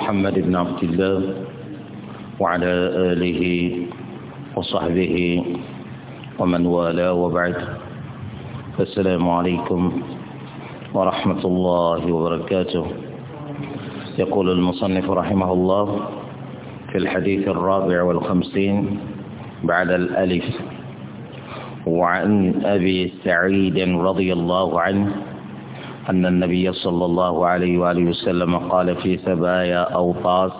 محمد بن عبد الله وعلى آله وصحبه ومن والاه وبعد السلام عليكم ورحمة الله وبركاته يقول المصنف رحمه الله في الحديث الرابع والخمسين بعد الألف وعن أبي سعيد رضي الله عنه أن النبي صلى الله عليه وآله وسلم قال في ثبايا أوطاس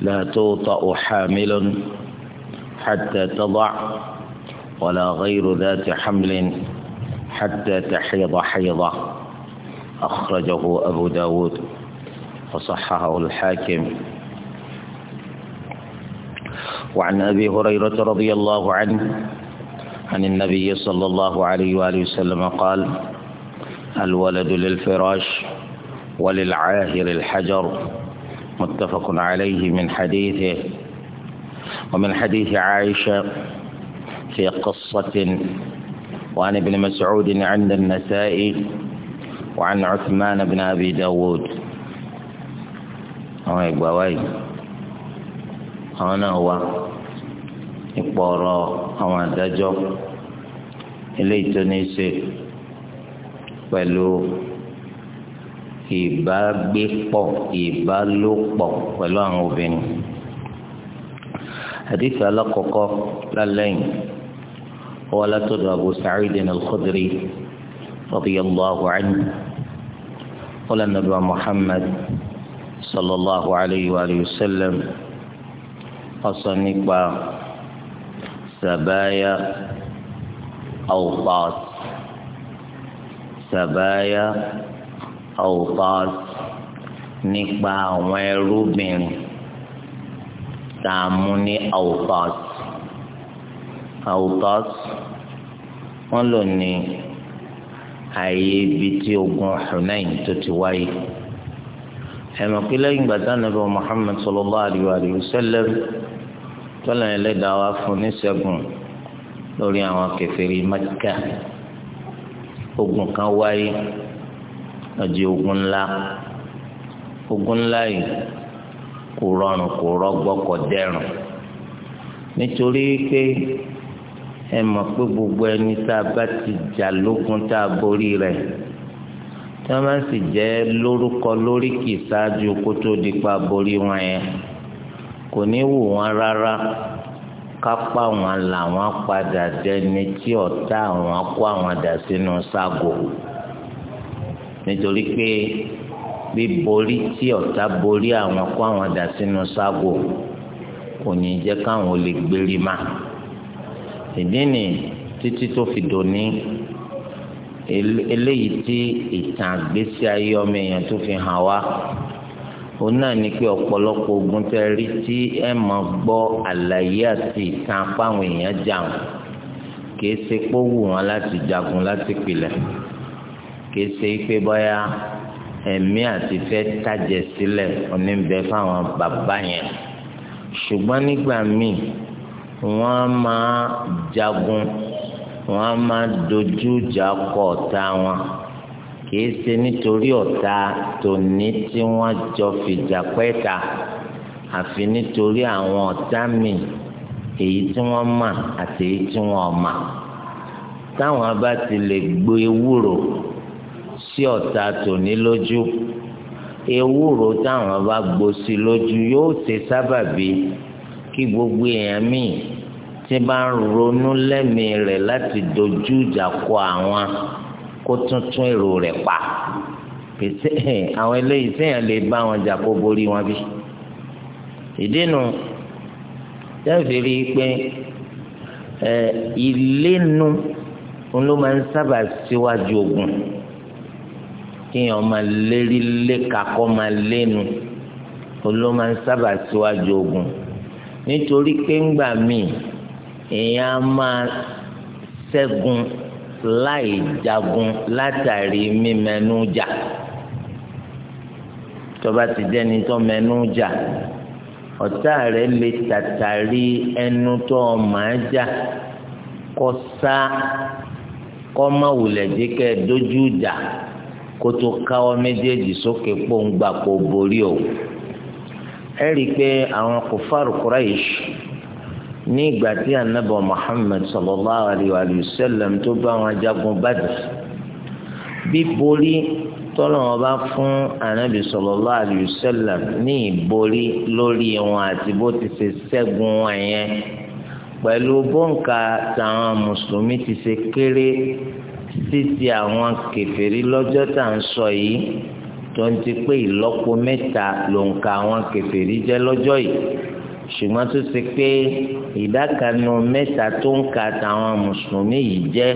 لا توطأ حامل حتى تضع ولا غير ذات حمل حتى تحيض حيضة أخرجه أبو داود وصححه الحاكم وعن أبي هريرة رضي الله عنه عن النبي صلى الله عليه وآله وسلم قال الولد للفراش وللعاهر الحجر متفق عليه من حديثه ومن حديث عائشة في قصة وعن ابن مسعود عند النسائي وعن عثمان بن أبي داود أوي بواي أنا هو nípa ọ̀rọ̀ àwọn adájọ́ eléyìí tó ní í ṣe pẹ̀lú ìbágbépọ̀ ìbálòpọ̀ pẹ̀lú àwọn obìnrin hadith alákọ̀ọ́kọ́ lálẹ́yìn wọ́n látọ̀dọ̀ abu sa'id al-khudri radiyallahu anhu wọ́n lẹ́nu bá muhammad sallallahu alayhi wa sallam ọ̀sán nípa. سبايا أوقات سبايا أوقات نكبا àwọn ẹrúbìnrin tá a mú ní awutas awutas wọn lò ní ààyè ibi tí ogun Hunain tó ti wáyé ẹ̀mọ̀pẹ́ lẹ́yìn gbàdánù bá Muhammad sallallahu alayhi wa tọ́lá ẹlẹ́dàá wa fún níṣẹ́gun lórí àwọn kèfèrí Mẹ́kà ogun kan wáyé ọjọ́ ogun ńlá ogun ńlá yìí kò rọrùn kò rọgbọ kò dẹrùn nítorí pé ẹ mọ̀ pé gbogbo ẹni tá a bá ti jà lógun tá a borí rẹ̀ tí wọ́n bá sì jẹ́ lórúkọ lóríkì ṣáájú kó tó di pa borí wọn yẹn kò ní wù wọ́n rárá kápá wọn làwọn padà dẹni tí ọ̀tá àwọn kó àwọn dà sínú ságo nítorí pé bíborí tí ọ̀tá borí àwọn kó àwọn dà sínú ságo kò ní jẹ́ káwọn lè gbérí má ìdí ni títí tó fi dòní eléyìí tí ìtàn àgbésí ayé ọmọ èèyàn tó fi hàn wá òun náà ní pé ọ̀pọ̀lọpọ̀ ogun tẹ rí tí ẹ máa gbọ́ àlàyé àti ìtàn apáwọn èèyàn jàun kìí ṣe pé ó wù wọn láti jagun láti pilẹ̀ kìí ṣe pé bóyá ẹ̀mí àti fẹ́ tàjẹ̀ sílẹ̀ oníbẹ̀ fáwọn bàbá yẹn ṣùgbọ́n nígbà míì wọ́n máa jagun wọ́n máa dojú ìjà kọ ọ̀tá wọn kìí ṣe nítorí ọ̀tá tòní tí wọ́n jọ fìjà pẹ́ta àfi nítorí àwọn ọ̀tá míì èyí tí wọ́n mà àti èyí tí wọ́n mà táwọn bá ti lè gbọ́ ewúro sí ọ̀tá tòní lójú ewúro táwọn bá gbọ́ sí lójú yóò ṣe sábàbí kí gbogbo èèyàn míì tí bá ń ronú lẹ́mìí rẹ̀ láti dojú ìjà kọ àwọn kó tuntun èrò rẹ̀ pa pèsè àwọn eléyìí sèyàn lè bá wọn jà kó borí wọn bí ìdínú jáfe rí i pé ẹ ìlénu ló máa ń sábà síwájú ogun kíyàn máa lérí léka kọ́ máa lénu ló máa ń sábà síwájú ogun nítorí pé ńgbà míì èèyàn máa ṣẹ́gun láì jagun látàrí mímẹnú jà tọba ti jẹni tó mẹnú jà ọ̀tá rẹ̀ lè tàtàrí ẹnu tó máa jà kó sá kó má wulẹ̀ jẹ́ kẹ́ dojú jà kó tó káwọ́ méjèèjì sókè pòǹgbà kó borí o ẹ rí i pé àwọn kò fárò Quraish ní ìgbà tí anábọ̀ Muhammad sallallahu alayhi wa sallam tó bá wọn jagun Badr bíborí tọ́lọ́wọ́n bá fún anábì sallallahu alayhi wa sallam ní ìborí lórí wọn àti bó ti ṣe ṣẹ́gun wọn yẹn pẹ̀lú bọ́ǹkà táwọn mùsùlùmí ti ṣe kéré títí àwọn kèfèrí lọ́jọ́ tá à ń sọ yìí tó ń ti pé ìlọ́po mẹ́ta ló ń ka àwọn kèfèrí jẹ́ lọ́jọ́ yìí ṣùgbọ́n tó ṣe pé ìdákanu mẹ́ta tó ń ka tàwọn mùsùlùmí yìí jẹ́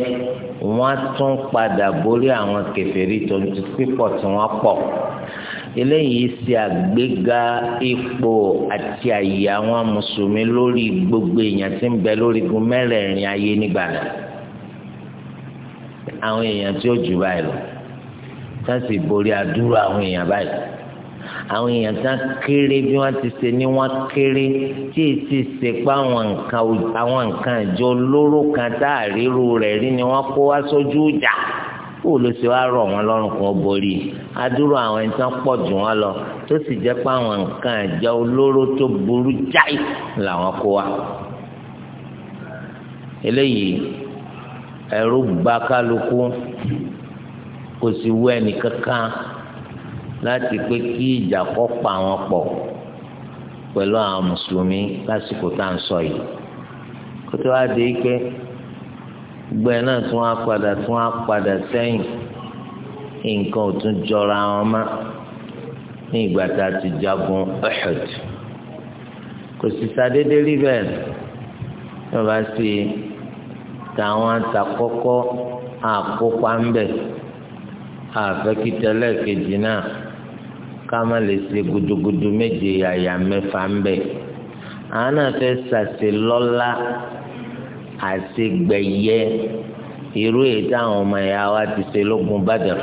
wọ́n tún padà borí àwọn kèfèrí tó ti pípọ̀ tí wọ́n pọ̀ eléyìí ṣe àgbéga ipò àti àyè àwọn mùsùlùmí lórí gbogbo èèyàn tí ń bẹ lórí igun mẹ́rẹ̀ẹ̀rin ayé nígbà náà àwọn èèyàn tí ó jù báyìí lọ tá sì borí adúrú àwọn èèyàn báyìí àwọn èèyàn kan kéré bí wọ́n ti ṣe ni wọ́n kéré tí èsì ṣe pé àwọn nǹkan àwọn nǹkan ìjọ olóró kan tá a ríru rẹ̀ rí ni wọ́n kó wá sójú ìjà kó ló ṣe wá rọ̀ wọ́n lọ́rùn kan borí adúrò àwọn ẹni tí wọ́n pọ̀ jù wọ́n lọ tó sì jẹ́ pé àwọn nǹkan ìjọ olóró tó burú jáì làwọn kó wá eléyìí ẹ̀rù bà kálukú kò sì wú ẹnì kankan láti pé kí ìjà kọ́ pa àwọn pọ̀ pẹ̀lú àwọn mùsùlùmí lásìkò tá à ń sọ yìí kó tó wá di pé gbẹ náà tún á padà tún á padà sẹ́yìn nǹkan ò tún jọra wọn mọ́ ní ìgbà tá a ti jagun Uhud kò sì ṣàdédé rí bẹ́ẹ̀ ló bá sí tàwọn àtàkọ́kọ́ àkópa ń bẹ̀ àfẹ́kítẹ́lẹ̀ náà ká má lè ṣe gudugudu méje àyà mẹ́fà ń bẹ̀ àwọn náà fẹ́ ṣàṣe lọ́lá àṣegbẹ̀yẹ irú èyí táwọn ọmọ ẹ̀yà wa ti ṣe lógun Badr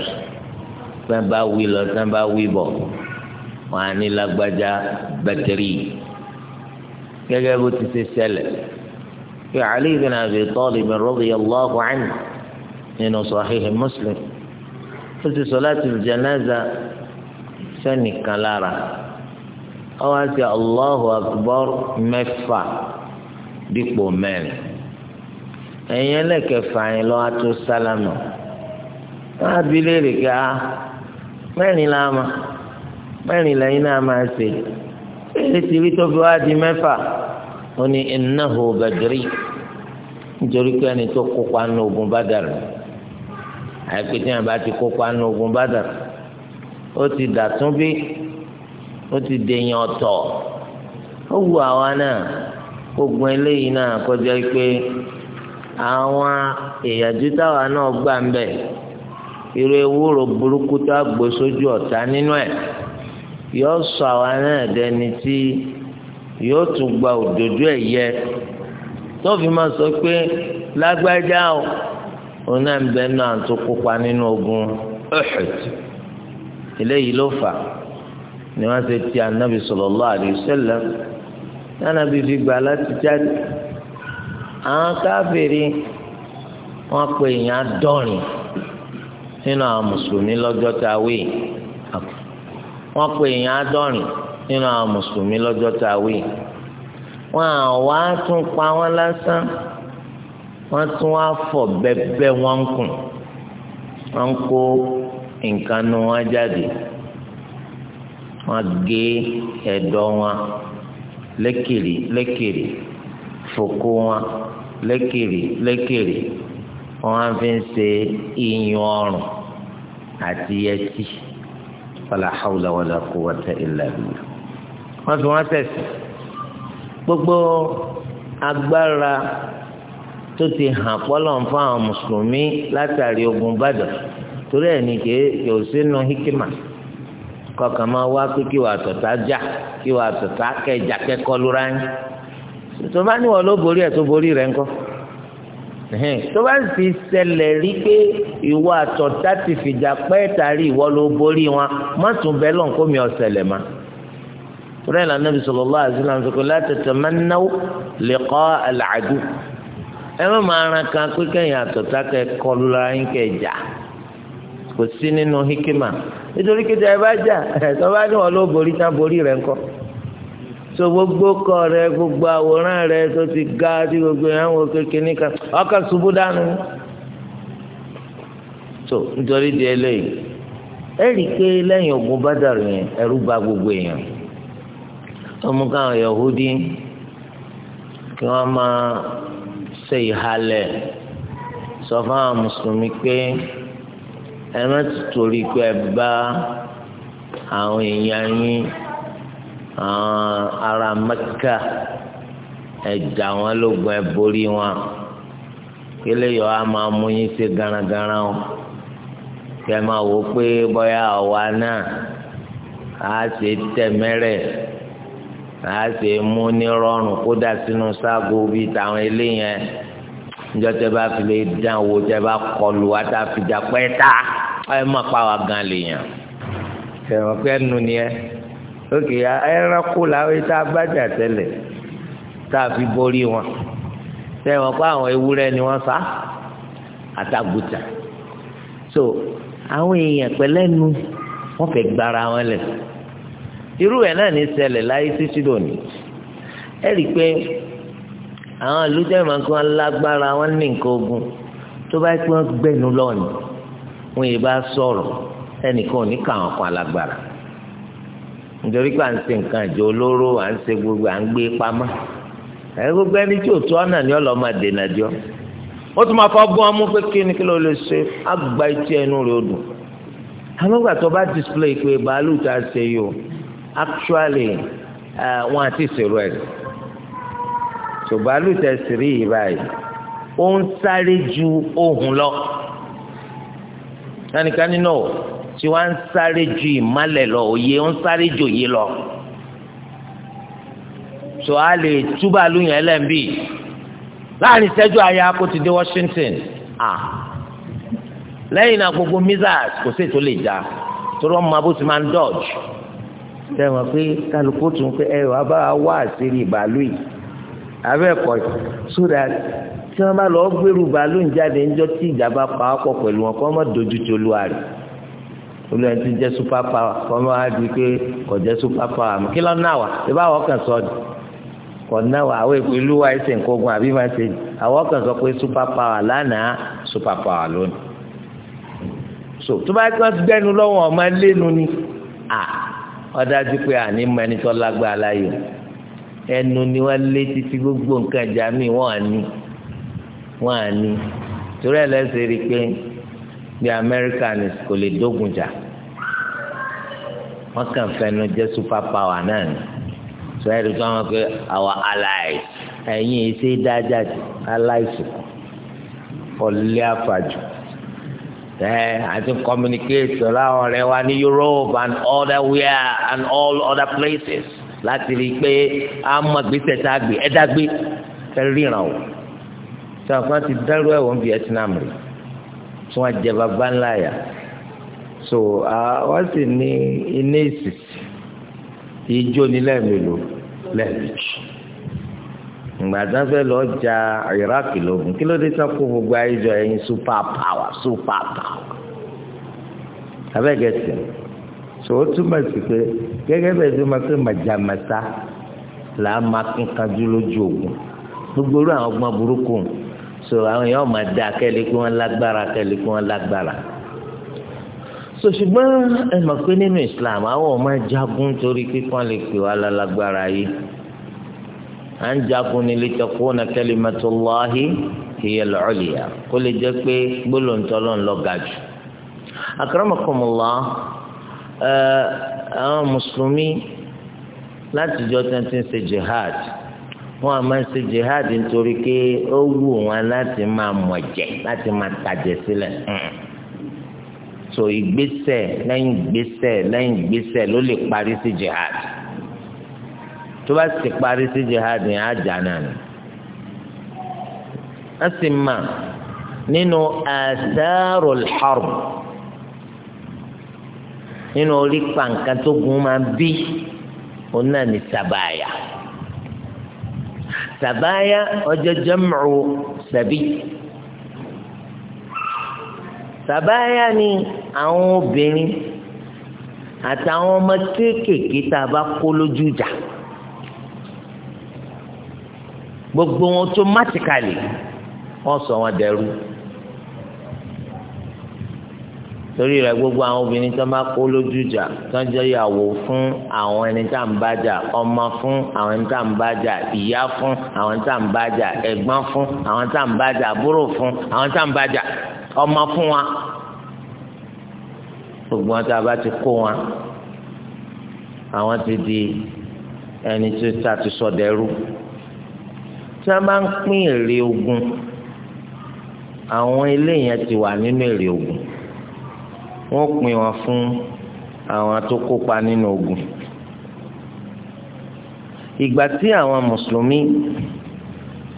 tán bá wí lọ tán bá wí bọ̀ wọn á ní lágbájá bẹ́tẹ̀rì gẹ́gẹ́ bó ti ṣe ṣẹlẹ̀ pé Ali ibn Abi Talib radiyallahu anhu nínú Sahih Muslim ó ti ṣalātul janāza. sẹ́nìkan lára ọ wá sí Allahu Akbar mẹ́fà dípò mẹ́rin ẹ̀yin ẹlẹ́kẹ̀fà yẹn lọ́wọ́ tó sálámà wọ́n á ká ah, mẹ́rin la ma mẹ́rin lẹ́yìn náà máa ṣe èyí ti rí tó fi wá di mẹ́fà ó ní Badr àìpé tí wọn bá Badr. ó ti dàtún bí ó ti dèèyàn ọ̀tọ̀ ó wù àwa náà gbogbo eléyìí náà kọjá pé àwọn ìyàjú táwa náà gbà ń bẹ̀ irú ewúro burúkú tá a sójú ọ̀tá nínú ẹ̀ yóò sọ àwa náà dẹni tí yóò tún gba òdòdó ẹ̀ yẹ tó fi máa sọ pé lágbájá o òun náà ń bẹ náà tó kópa nínú ogun Uhud. eléyìí ló fà ni wọ́n ṣe ti anabi sallallahu alaihi wasallam nanabi fi gbà láti jáde àwọn káfíìrì wọ́n pe èèyàn àádọ́rin nínú àwọn mùsùlùmí lọ́jọ́ tá a wí wọ́n pe èèyàn àádọ́rin nínú àwọn mùsùlùmí lọ́jọ́ tá a wí wọ́n àwa tún pa wọ́n lásán wọ́n tún wá fọ̀ bẹ́ẹ̀ bẹ́ẹ̀ wọ́n ń kùn wọ́n kó nǹkan nu wọn jáde wọn gé ẹ̀dọ̀ wọn lẹ́kìrì lẹ́kìrì fòkó wọn lẹ́kìrì lẹ́kìrì wọn fi ń ṣe iyùn ọrùn àti ẹtí wàlà hàwùlà wàlà quwwata illa billah wọn fi wọn tẹsí gbogbo agbára tó ti hàn pọ́lọ̀ fún àwọn mùsùlùmí látàrí ogun Badr torí ẹ̀ ní kì í yóò sínú hikima kọkàn máa wá pé kí wàá tọ̀tà já kí wàá tọ̀tà kẹjà kẹ́kọ̀ọ́ lóra yín tó bá níwọ̀n ló borí ẹ̀ tó borí rẹ̀ ńkọ́ tó bá sì ṣẹlẹ̀ rí pé ìwọ àtọ̀tà ti fìjà pẹ́ tàrí ìwọ ló borí wọn má tún bẹ́ẹ̀ lọ́n kó mi ọ̀sẹ̀lẹ̀ ma torí ẹ̀ lànà bisọ̀lọ́ lọ́wọ́ àti lànà láti tẹ̀ náwó lè kọ́ àlàájú ẹ má máa ran kan pé kẹ́yìn àtọ̀tà kẹ́kọ̀ọ́ lóra yín kẹ́jà kò sí nínú hikima nítorí kíta ẹ bá jà ẹ̀tọ́ bá ní wọn ló borí tá borí rẹ̀ ńkọ́ so gbogbo kọ rẹ gbogbo àwòrán rẹ tó ti ga tí gbogbo yẹn wọ kékeré kan ọkàn ṣubú dànù so nítorí di eléyìí ẹ rí i pé lẹ́yìn ogun bádàrú yẹn ẹ̀rù bà gbogbo èèyàn ọmọ káwọn Yahudi kí wọ́n máa ṣe ìhalẹ̀ sọ fún àwọn mùsùlùmí pé ẹ má ti torí pé ẹ bá àwọn èèyàn yín àwọn ará Mẹ́kà ẹ jà wọ́n lógun ẹ borí wọn kílẹ̀ yọ á máa mú yín ṣe garagara o kẹ máa wò pé bóyá àwa náà á ṣe tẹ̀mẹ́rẹ̀ á ṣe mú ní kódà sínú ságo bíi tàwọn eléyẹn níjọ́ tẹ́ bá fi lè dán owó tẹ́ bá kọlu wa tá a fi dà pẹ́ ta ẹ má pa wá gan lèèyàn tẹ̀wọ́ pé ẹnu ni ẹ lókè ẹranko làwọn tá a bá jà tẹ́lẹ̀ tá a fi borí wọn tẹ̀wọ́ pé àwọn ewúrẹ́ ni wọ́n sá àtàgùtà so àwọn èèyàn pẹ̀lẹ́nu wọ́n fẹ́ gbára wọn lẹ̀ irú ẹ̀ náà ní ṣẹlẹ̀ láyé títí lónìí ẹ rí i pé àwọn àlùjẹ́ máa ń kọ́ lágbára wọn ní nǹkan ogun tó bá pẹ́ gbẹ́nu lọ́ọ̀nì wọn yìí bá sọ̀rọ̀ ẹnìkan ò ní kà wọn kọ́ alágbára nítorí pé à ń ṣe nǹkan àjọ olóró à ń ṣe gbogbo à ń gbé pamọ́ ẹ gbogbo ẹni tí ò tó ọ̀nà ni ọlọ́ọ̀ máa dènà jọ ó tún máa fọ́ gbọ́n mú pé kí ni kí ló lè ṣe àgbà etí ẹnu rẹ̀ ó dùn àwọn ìgbà tó bá display pé bàálù tá a ṣe yìí o actually wọn àti ìṣèrò ẹ̀ so bàálù tẹ̀sírì yìí báyìí ó ń sáré ju ohun lọ ẹnìkan nínú tí wọ́n ń sáré ju ìmálẹ̀ lọ òye ń sáré ju òye lọ so a lè tú bàálù yẹn lẹ́ǹbì láàrin ìṣẹ́jú àyà kó ti dé Washington ah lẹ́yìn náà gbogbo missiles kò sí ètò lè já torí wọn máa bó ti máa ń dodge tẹ̀wọ̀n pé kálukú tún pé ẹ̀rọ abáwá wà sí ìbàálù abẹ́ ẹ̀kọ́ so that tí wọ́n bá lọ gbèrú bàálùn jáde ńjọ́ tí ìjàmbá pa ọ́ pọ̀ pẹ̀lú wọn kọ́ mọ́ dojú ti olúwa rẹ̀ olúwa ti jẹ́ super power kọ́ mọ́ á di pé kò jẹ́ super power mi kí lọ́ náà wà ìbá àwọn kan sọ ni kò náà wà àwọn èpè olúwa ẹsẹ̀ nǹkan àbí máa àwọn kan sọ pé super power lánàá super power lónìí so tó bá kí wọ́n ti gbẹ́nu lọ́wọ́ ọmọ ẹlẹ́nu ni à ọ̀dájú pé àní mọ ẹnu ni wọ́n lé títí gbogbo nǹkan ẹ̀já mi wọ́n á ní wọ́n á ní torí ẹ̀ lẹ́sẹ̀ rí i pé bí amẹ́ríkà ni kò lè dógun jà wọ́n kàn fẹnu jẹ́ super power náà ni sọ ẹ̀ rí i pé pé our allies ẹ̀yin ìṣe dájà jù allies ọ̀lẹ́ àfàjù ẹ àti communicate ọ̀la ọ̀rẹ́ wa ní Europe and other where and all other places láti rí i pé a mọ gbèsè tá a gbé ẹ̀dá gbé fẹ́ẹ́ ríran o sọ̀kan ti dárú ẹ̀wọ̀n Vietnam rí tí wọ́n jẹ bàbá ńlá yà so wọ́n sì ní iná ìsìsì ijó ní lẹ́ẹ̀mélòó lẹ́ẹ̀mejì gbàdá fẹ́ lọ ja Iraq lógun kí ló dé tán kó gbogbo ayéjọ ẹ̀yin super power super power abẹ́gẹ́sì so ó túmọ̀ sí pé gẹ́gẹ́ bẹ́ẹ̀ tó máa pé màjàmásá là á máa kún kanjú lójú ogun gbogbo irú àwọn ọgbọ́n burúkú so àwọn èèyàn máa dá akẹ́lẹ́ kí wọ́n lágbára akẹ́lẹ́ kí wọ́n lágbára so ṣùgbọ́n ẹ mọ̀ pé nínú Islam àwọn ọmọ jagun torí kíkan lè pè wá lálágbára yìí à ń jagun ní litakuna kalimatullahi hiyal ulya kó lè jẹ́ pé gbólóńtọ́ lọ́n lọ́ga jù akramakumullah ẹ̀ẹ́ àwọn mùsùlùmí látijọ́ tí wọ́n ti ń ṣe jihad wọ́n á máa ń ṣe jihad nítorí pé ó wù wọ́n láti máa mọ̀jẹ̀ láti máa tàjẹ̀ sílẹ̀ so ìgbésẹ̀ lẹ́yìn ìgbésẹ̀ lẹ́yìn ìgbésẹ̀ ló lè parí sí jihad tó bá sì parí sí jihad yẹn á jà náà ni a sì mà nínú asarul harb nínú orí pàǹkà tó gun máa bí òun náà ní sàbáyà sàbáyà ọjọ́ jẹ́mọ̀ọ́ sàbí sàbáyà ni àwọn obìnrin àtàwọn ọmọ kéékèèké tá a bá kó lójú ìjà gbogbo wọn automatically wọ́n sọ wọn dẹrú torí rẹ̀ gbogbo àwọn obìnrin tó máa kó lójú jà tó ń jẹ́ ìyàwó fún àwọn ẹni tá à ń bá jà ọmọ fún àwọn ẹni tá à ń bá jà ìyá fún àwọn ẹni tá à ń bá jà fún àwọn ẹni tá à ń bá àbúrò fún àwọn ẹni tá à ń bá ọmọ fún wa gbogbo wọn tá a bá ti kó wọn àwọn ti di ẹni tó ta ti sọ dẹrú tí wọn bá ń pín èrè ogun àwọn eléyìí ti wà nínú èrè ogun wọ́n pín wọn fún àwọn tó kópa nínú ogun ìgbà tí àwọn mùsùlùmí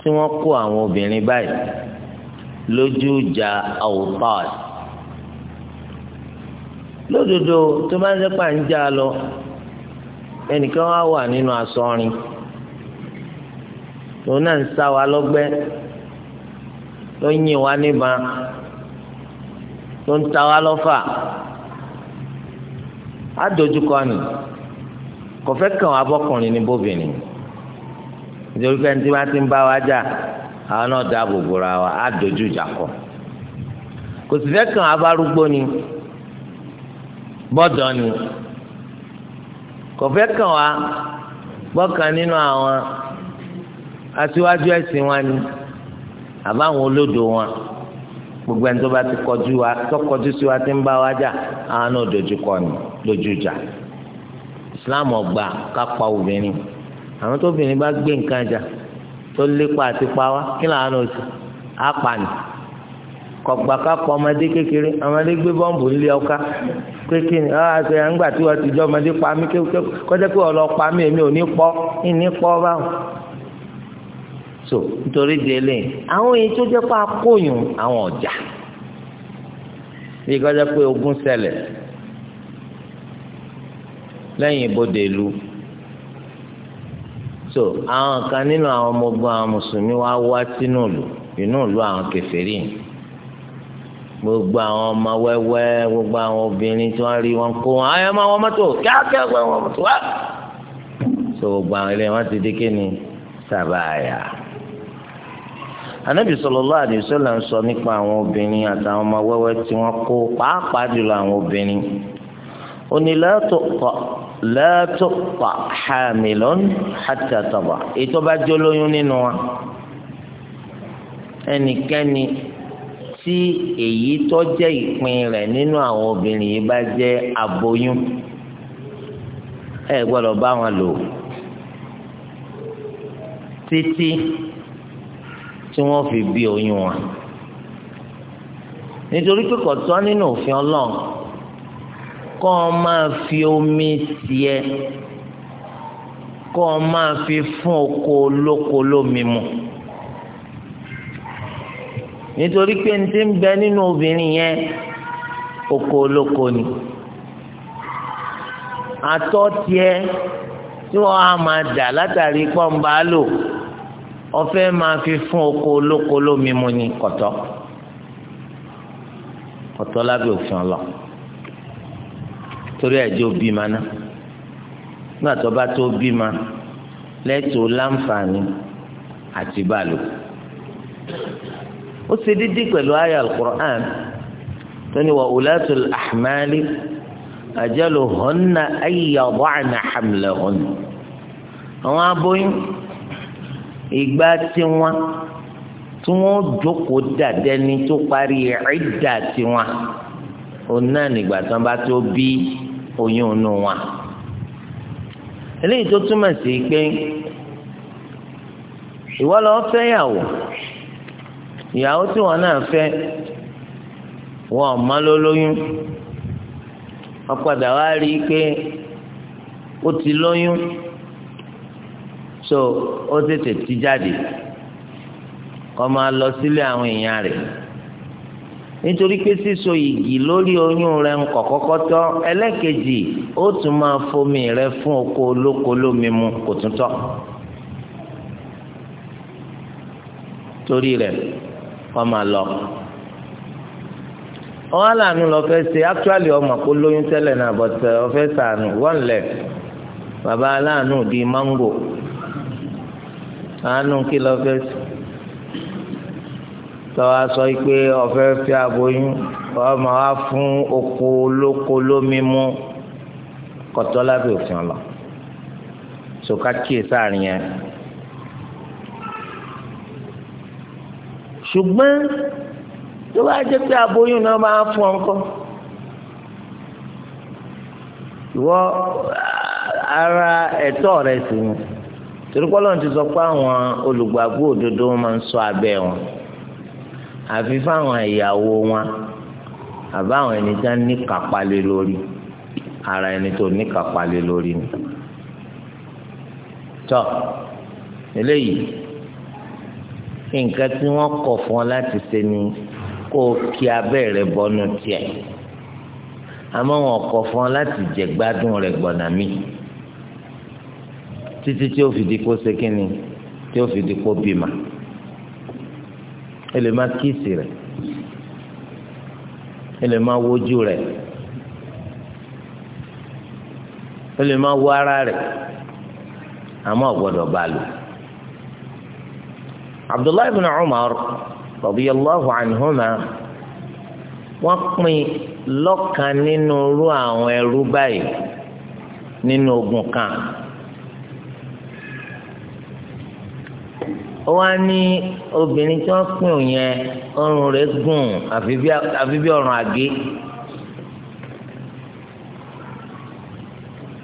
tí wọ́n kó àwọn obìnrin báyìí lójú ìjà Awtad lódodo tó bá ń sẹ́pà ń já lọ ẹnìkan wá wà nínú asọrin òun náà ń sá wa lọ́gbẹ́ ló ń yìn wá níbà tó ń ta wá lọ́fà á dojúkọ ni kò fẹ́ kàn wá bọ́kùnrin ní bóbìnrin nítorí pé ẹni tí ń bá wa jà àwọn náà dáàbò bora wa á dojú ìjà kọ kò sì fẹ́ kàn wá bárúgbó ni bọ́dọ̀ ni kò fẹ́ kàn wá gbọ́kàn nínú àwọn aṣíwájú ẹ̀sìn wa ni àbáwọn olódo wọn. gbogbo ẹni tó bá ti kọjú wa tó kọjú sí wa ti ń bá wa jà àwọn náà ni dojú jà islam ọgbà ká obìnrin àwọn tóbìnrin bá gbé nǹkan jà tó lépa àti pa wá kí làwọn náà sì á kọgbà ká ọmọdé kékeré ọmọdé gbé bọ́ǹbù nílé ọká ni àti ti jọ ọmọdé so nítorí di eléyìí àwọn èyí tó jẹ́ pa kóyún àwọn ọjà bí kọjá pé ogun ṣẹlẹ̀ lẹ́yìn ibodè ìlú so àwọn kan nínú àwọn ọmọ ogun àwọn mùsùlùmí wá wá sínú ìlú inú ìlú àwọn kèfèrí yìí gbogbo àwọn ọmọ wẹ́wẹ́ gbogbo àwọn obìnrin tí wọ́n rí wọn kó wọn ayé máa wọn mọ́tò kíákíá pé wọn mọ́tò wá so gbogbo àwọn ilé wọn ti di kí ni sàbáyà anabi sallallahu alaihi wasallam ń sọ nípa àwọn obìnrin àtàwọn ọmọ wẹ́wẹ́ tí wọ́n kó pàápàá jùlọ àwọn obìnrin ó ní la tuqta la tuqta hamilun hatta tadha ètò bá jẹ́ olóyún nínú wa ẹnikẹ́ni tí èyí tó jẹ́ ìpín rẹ̀ nínú àwọn obìnrin yìí bá jẹ́ aboyún ẹ gbọ́dọ̀ bá wọn lò títí tí wọ́n fi bí oyún wa nítorí pé kọ̀tọ́ nínú òfin ọlọ́run kọ́ ọ máa fi omi tiẹ̀ kọ́ ọ máa fi fún oko olóko lómi mu nítorí pé n ti ń bẹ nínú obìnrin yẹn oko olóko ni àtọ̀ tiẹ̀ tí wọ́n á máa dà látàrí pọ́ńbà lò ọfẹ máa fi fún oko olóko lómi mu ní kọtọ kọtọ lábẹ́ òfin ọlọ torí ẹjẹ òbí ma ná nígbà tó bá tó bí ma lẹtọ láǹfààní àti bàlù ó ṣe dídí pẹ̀lú àyà alukur'an tó ní wa ulatul ahmali ajaluhunna ayé ọ̀bọ̀n àná hamlahun àwọn aboyún ìgbà tiwọn tí wọ́n jókòó dàdẹni tó parí ẹ̀ẹ́dà tiwọn òun náà nígbà tí wọ́n bá tó bí oyún inú wọn. eléyìí tó túmọ̀ sí pé ìwọ lọ fẹ́ yàwó ìyàwó tí wọn náà fẹ́ wọn ọmọ ló lóyún ọ̀padà wá rí i pé ó ti lóyún. so ó tètè ti jáde kọ́ máa lọ sílé àwọn èèyàn rẹ̀ nítorí pé sísọ igi lórí oyún rẹ ń kọkọtọ tọ́ ẹlẹ́kejì ó tún máa fomi rẹ fún oko olóko lómi mu kò tún tọ́ torí rẹ wọ́n máa lọ. wọ́n á lànà lọ fẹ́ ṣe actually ọmọ kó lóyún tẹ́lẹ̀ náà but wọ́n lẹ̀ di mango àánú kí lọ fẹ́ sí tọ́wá sọ pé ọ̀fẹ́ fi àbóyún ọmọ wa fún oko olóko lómi mú kọ̀tọ́ lábẹ́ òfin ọ̀la sọ̀ká kíyè sáàrin yẹn. ṣùgbọ́n tó bá jẹ́ pé àbóyún náà máa fún ọ ńkọ́ ìwọ ara ẹ̀tọ́ rẹ̀ sì ni torí Ọlọ́run ti sọ pé àwọn olùgbàgbọ́ òdodo máa ń ṣọ́ abẹ́ wọn àfi fáwọn ìyàwó wọn àbá àwọn ẹni tá ní kápálẹ̀ lórí ara ẹni tó ní kápálẹ̀ lórí ni. tọ́ eléyìí nǹkan tí wọ́n kọ̀ fún ọ láti ṣe ni kó o kí abẹ́ rẹ bọ́nú tiẹ̀ àmọ́ wọn kọ̀ fún ọ láti jẹ gbádùn rẹ gbọ̀nà míì títí tí ó fi di kó ṣe kínni tí ó fi di kó bímọ ẹ lè má kíìsì rẹ ẹ lè má wojú rẹ ẹ lè wo ara rẹ àmọ́ ọgbọ́dọ̀ bá lò Abdullahi bin Umar radiyallahu anhuma wọ́n pín lọ́kàn nínú irú àwọn ẹrú báyìí nínú ogun kan. ó wá ní obìnrin tí wọ́n pín òun yẹn ọrùn rẹ̀ gùn àfi bí ọrùn àgé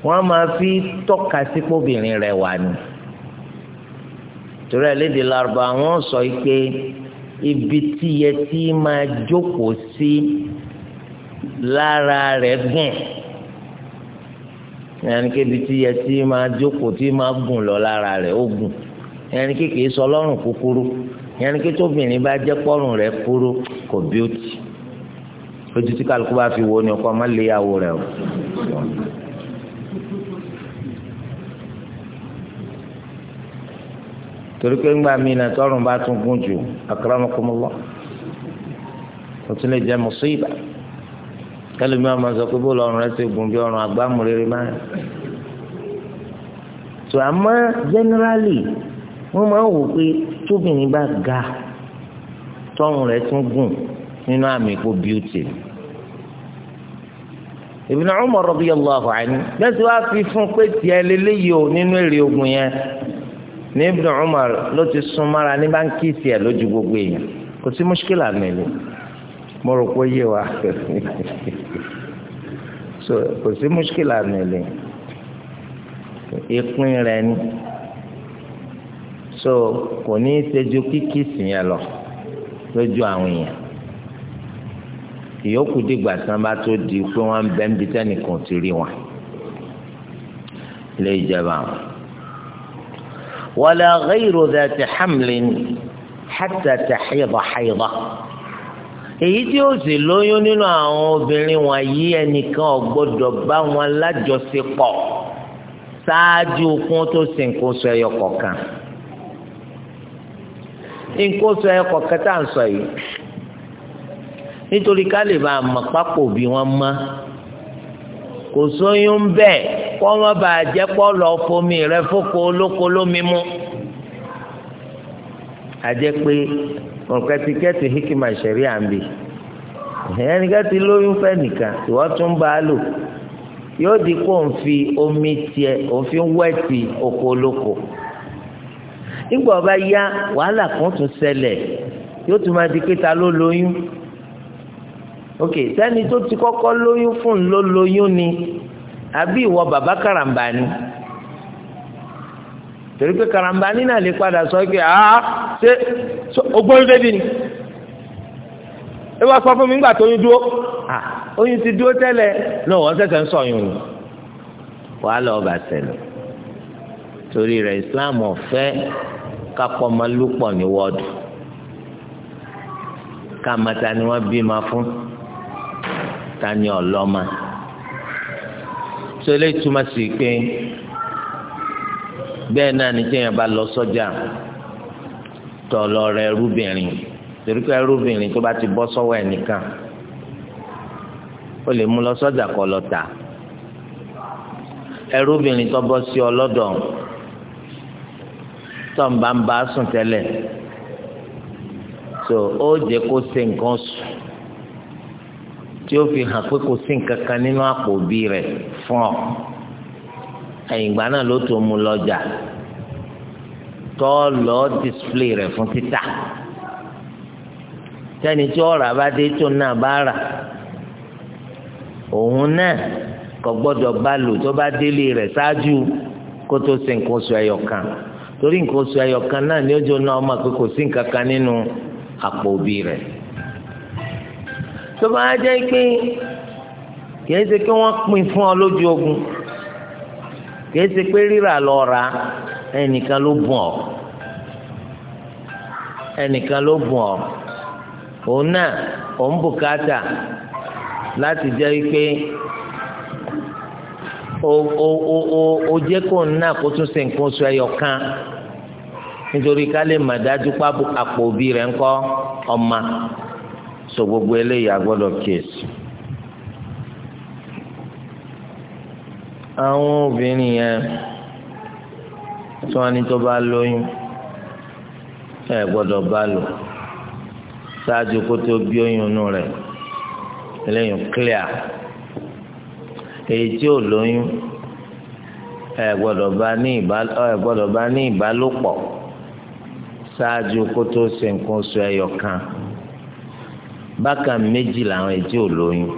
wọ́n máa fi tọ́ka sí pọ́bìnrin rẹ̀ wà ní torí ẹlẹ́dè larubá wọ́n sọ pé ibi tí yẹtí máa jókòó sí lára rẹ̀ gùn yẹn ni kébi tí máa jókòó tí máa gùn lọ lára rẹ̀ ó gùn ẹni kékeré sọ lọ́rùn kúkúrú ẹni kékeré tóbìnrin bá jẹ́ pọ́rùn rẹ̀ kúrú kò bíútì ojú tí kálukú bá fi wo ni ọkọ má lè yàwó rẹ̀ o. torí pé ńgbà mí náà tọrùn bá tún gùn jù akramakumullah o tún lè jẹ mùsíbà kẹlẹmi ọmọ sọ pé bóòlù ọrùn rẹ̀ ti gùn bí ọrùn àgbámúrere máa tó àmọ́ generally wọ́n máa ń wò pé tóbìnrin bá ga tọ́rùn rẹ̀ tún gùn nínú àmì ipò bíútì Ibn Umar radiyallahu anhu bẹ́ẹ̀ tí wàá fi fún pé tiẹ̀ lélẹ́yìí o nínú èrè ogun yẹn ní Ibn Umar ló ti sún mára ní báńkì tiẹ̀ lójú gbogbo èèyàn kò sí mọ́ṣíkìlà mẹ́lẹ̀ mo rò pé yé wa kò sí mọ́ṣíkìlà mẹ́lẹ̀ ìpín rẹ̀ ni so kò ní í ṣe ju kíkí sìn yẹn lọ lójú àwọn èèyàn ìyókù dìgbà tí wọn bá tó di pé wọn ń bẹ níbi tẹnìkan ti rí wọn lè jẹba wọn. wala ghayru dhati hamlin hatta tahida hayda èyí tí ó sì lóyún nínú àwọn obìnrin wọ̀nyí ẹnìkan ò bá wọn lájọṣepọ̀ ṣáájú kún tó sì ń kó sọ ẹyọ kọ̀ọ̀kan nǹkan sọ ẹ̀kọ́ kẹta ń sọ yìí nítorí ká lè bá a mọ̀ pápò bí wọ́n mọ́ kò sóyún bẹ́ẹ̀ kọ́ wọ́n bá a jẹ́ pọ́ lọ fomi rẹ fóko olóko lómi mú àjẹ́ pé nǹkan ti kẹ́tì hikima ṣẹ̀rí àmì ẹnìkan ti lóyún fẹ́ nìkan ìwọ́n tún bá a lò yóò di kó n fi omi tiẹ̀ òfin wẹ́ẹ̀tì oko nígbà ọba ya wàhálà kan tún ṣẹlẹ̀ yóò tún máa di pé ta ló lóyún ok tó ti kọ́kọ́ lóyún fún ló lóyún ni àbí ìwọ bàbá ni torí pé karambà ni náà lè padà sọ pé ah ṣé ogbóyún débi ni ẹ wá fún mi nígbà tó yún dúró ah oyún ti dúró tẹ́lẹ̀ náà ń ni wàhálà ọba torí rẹ̀ islam ọ̀fẹ́ kakọ ma lúpọ̀ ní wọ́ọ̀dù kàmata ni wọ́n bí ma fún tani ọlọ́mà tó lè túmọ̀ sí pé bẹ́ẹ̀ náà ni jẹ́yìn bá lọ sọ́jà tọ̀ lọ rẹ rúbìnrin torí pé rúbìnrin tó bá ti bọ́ sọ́wọ́ ẹnìkan ó lè mú lọ sọ́jà kọ́ lọ ẹrúbìnrin tó bọ́ sí ọ lọ́dọ̀ tọ́ǹba ń bá sùn tẹ́lẹ̀ so ó jẹ́ kó ṣe nǹkan sùn tí ó fi hàn pé kò sí nǹkan kan nínú àpò òbí rẹ̀ fún ọ ẹ̀yìn ìgbà náà ló tó mú lọ́jà tọ́ lọ display rẹ̀ fún títà tẹ́ni tí ọ̀rà bá tó náà bá rà òun náà kò gbọ́dọ̀ bá lò tó bá délé rẹ̀ ṣáájú kó tó ṣe nǹkan sùn ẹyọ kan. torí nǹkan oṣù ayọ̀kan náà ni ó jọ náà ọmọ pé kò sí nǹkan kan nínú àpò òbí rẹ̀ tó bá jẹ́ pé ṣe pé wọ́n fún ọ lójú ogun ṣe pé rírà lọ ra ẹnìkan ló ọ ẹnìkan ọ òun náà òun bùkátà láti jẹ́ pé o o o o jẹ́ kó nítorí ká lè mà dájú pápò àpò òbí rẹ̀ ńkọ́ ọmọ so gbogbo eléyìí agbọ́dọ̀ kíyèsí. àwọn obìnrin yẹn tí wọ́n ní tó bá lóyún ẹ gbọ́dọ̀ bá lò ṣáájú kó tó bí oyún inú rẹ̀ eléyìí clear èyí tí ò lóyún ẹ gbọ́dọ̀ bá ní ìbálòpọ̀ ṣáájú kó tó ṣe nǹkan oṣù ẹyọ kan bákan méjì làwọn èjì ò lóyún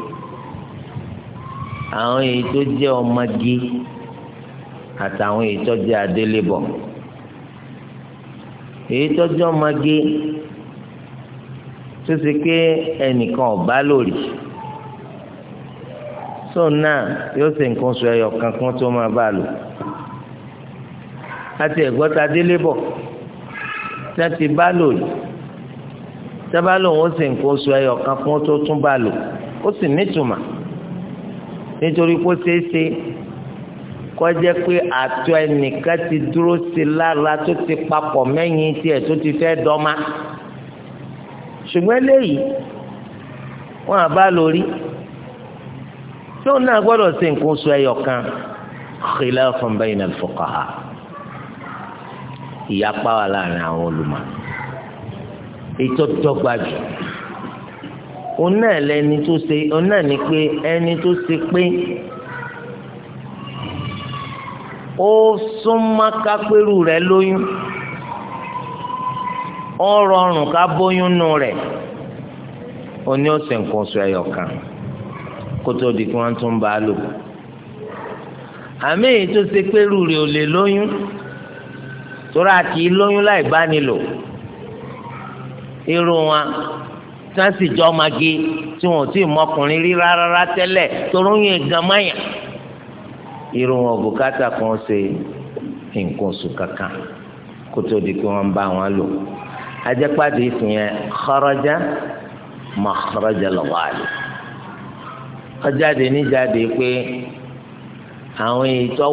àwọn èyí tó jẹ́ ọmọge àtàwọn èyí tó jẹ́ adélébọ̀ èyí tó jẹ́ ọmọge tó ṣe pé ẹnìkan ọba lórí tó náà yóò ṣe nǹkan oṣù ẹyọ kan kó tó máa bá lò àti ẹ̀gbọ́ta délébọ̀ tẹ́ ti bá lò yìí tẹ́ bá lò ó sì nǹkan oṣù ẹyọ kan fún tó tún bá lò ó sì nítumọ̀ nítorí pé ó ṣeé ṣe kọjá pé àtọ̀ ẹnìkan ti dúró sí lára tó ti papọ̀ mẹ́yìn tiẹ̀ tó ti fẹ́ dọ́mà ṣùgbọ́n eléyìí wọn àbá lórí tí òun náà gbọ́dọ̀ ṣe nǹkan oṣù ẹyọ kan khilafun bayna al-fuqaha ìyapa wà láàrin àwọn olùmọ̀ ètò dọ́gba jù òun náà lẹni tó ṣe òun náà ni pé ẹni tó ṣe pé ó súnmọ́ kápẹ́rù rẹ̀ lóyún ó rọrùn ká bóyún nù rẹ̀ ó ní ó sì nǹkan oṣù ẹyọ kan kó tó di kí wọ́n tún bá a lò àmì èyí ṣe pẹ́rù rẹ̀ ò lè lóyún torí àti lóyún láì bá ní lò irun wa tí wọ́n sì jọ magi tí wọn ò tí ì mọkùnrin rí rárá tẹ́lẹ̀ torí ń yẹn gan mayàn irun wọn bùkátà kan ṣe nǹkan oṣù kankan kó tó di pé wọ́n bá wọn lò ajẹ́pàdé ìsìn yẹn kharaja ma kharaja al-ghali ọjáde níjáde pé àwọn èyí tó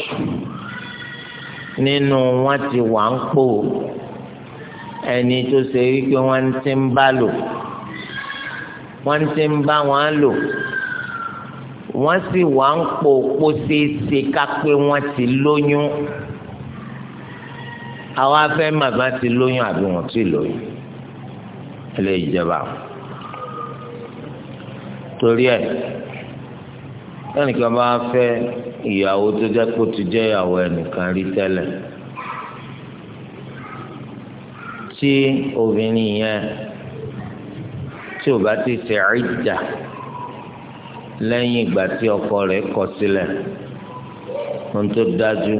jù nínú wọn ti wà ń pò ẹni tó ṣe wípé wọn ti ń bá lò wọn ti ń bá wọn lò wọn sì wà ń pò kó ṣeéṣe ká pé wọn ti lóyún àwọn afẹ́ màmá ti lóyún àbí wọn ti lóyún ilé ìjọba torí ẹ lẹ́nu kí wọ́n bá fẹ́ ìyàwó tó jẹ́ kó ti jẹ́ ìyàwó ẹnìkan rí tẹ́lẹ̀ tí obìnrin yẹn tí ò bá ti ṣe ìjà lẹ́yìn ìgbà tí ọkọ rẹ̀ kọ sílẹ̀ ohun tó dájú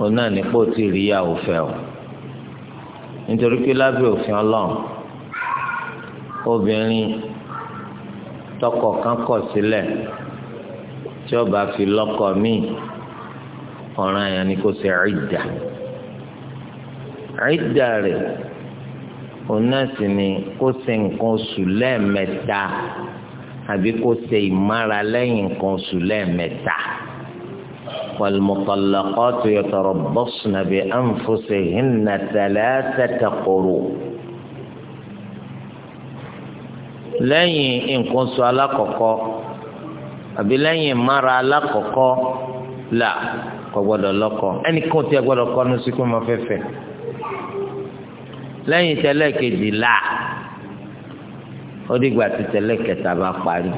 òun náà ní kó ti rí ìyàwó fẹ́ o nítorí pé lábẹ́ òfin ọlọ́run obìnrin tọkọ kan kọ sílẹ̀ tí ó bá fi lọ́kọ míì ọ̀ràn yẹn ni kò ṣe ìdà ìdà rẹ̀ òun náà sì ni kó ṣe nǹkan oṣù lẹ́ẹ̀mẹ́ta àbí kó ṣe ìmára lẹ́yìn nǹkan oṣù lẹ́ẹ̀mẹ́ta والمطلقات يتربصن بأنفسهن ثلاثة قروء lẹ́yìn nǹkan oṣù alákọ̀ọ́kọ́ àbí lẹ́yìn ìmára alákọ̀ọ́kọ́ là kò gbọ́dọ̀ lọ́kọ ẹnìkan tí ẹ gbọ́dọ̀ kọ́nu sí pé mo fẹ́ fẹ́ lẹ́yìn tẹ́lẹ̀ kejì là ó dìgbà tí tẹ́lẹ̀ kẹta bá parí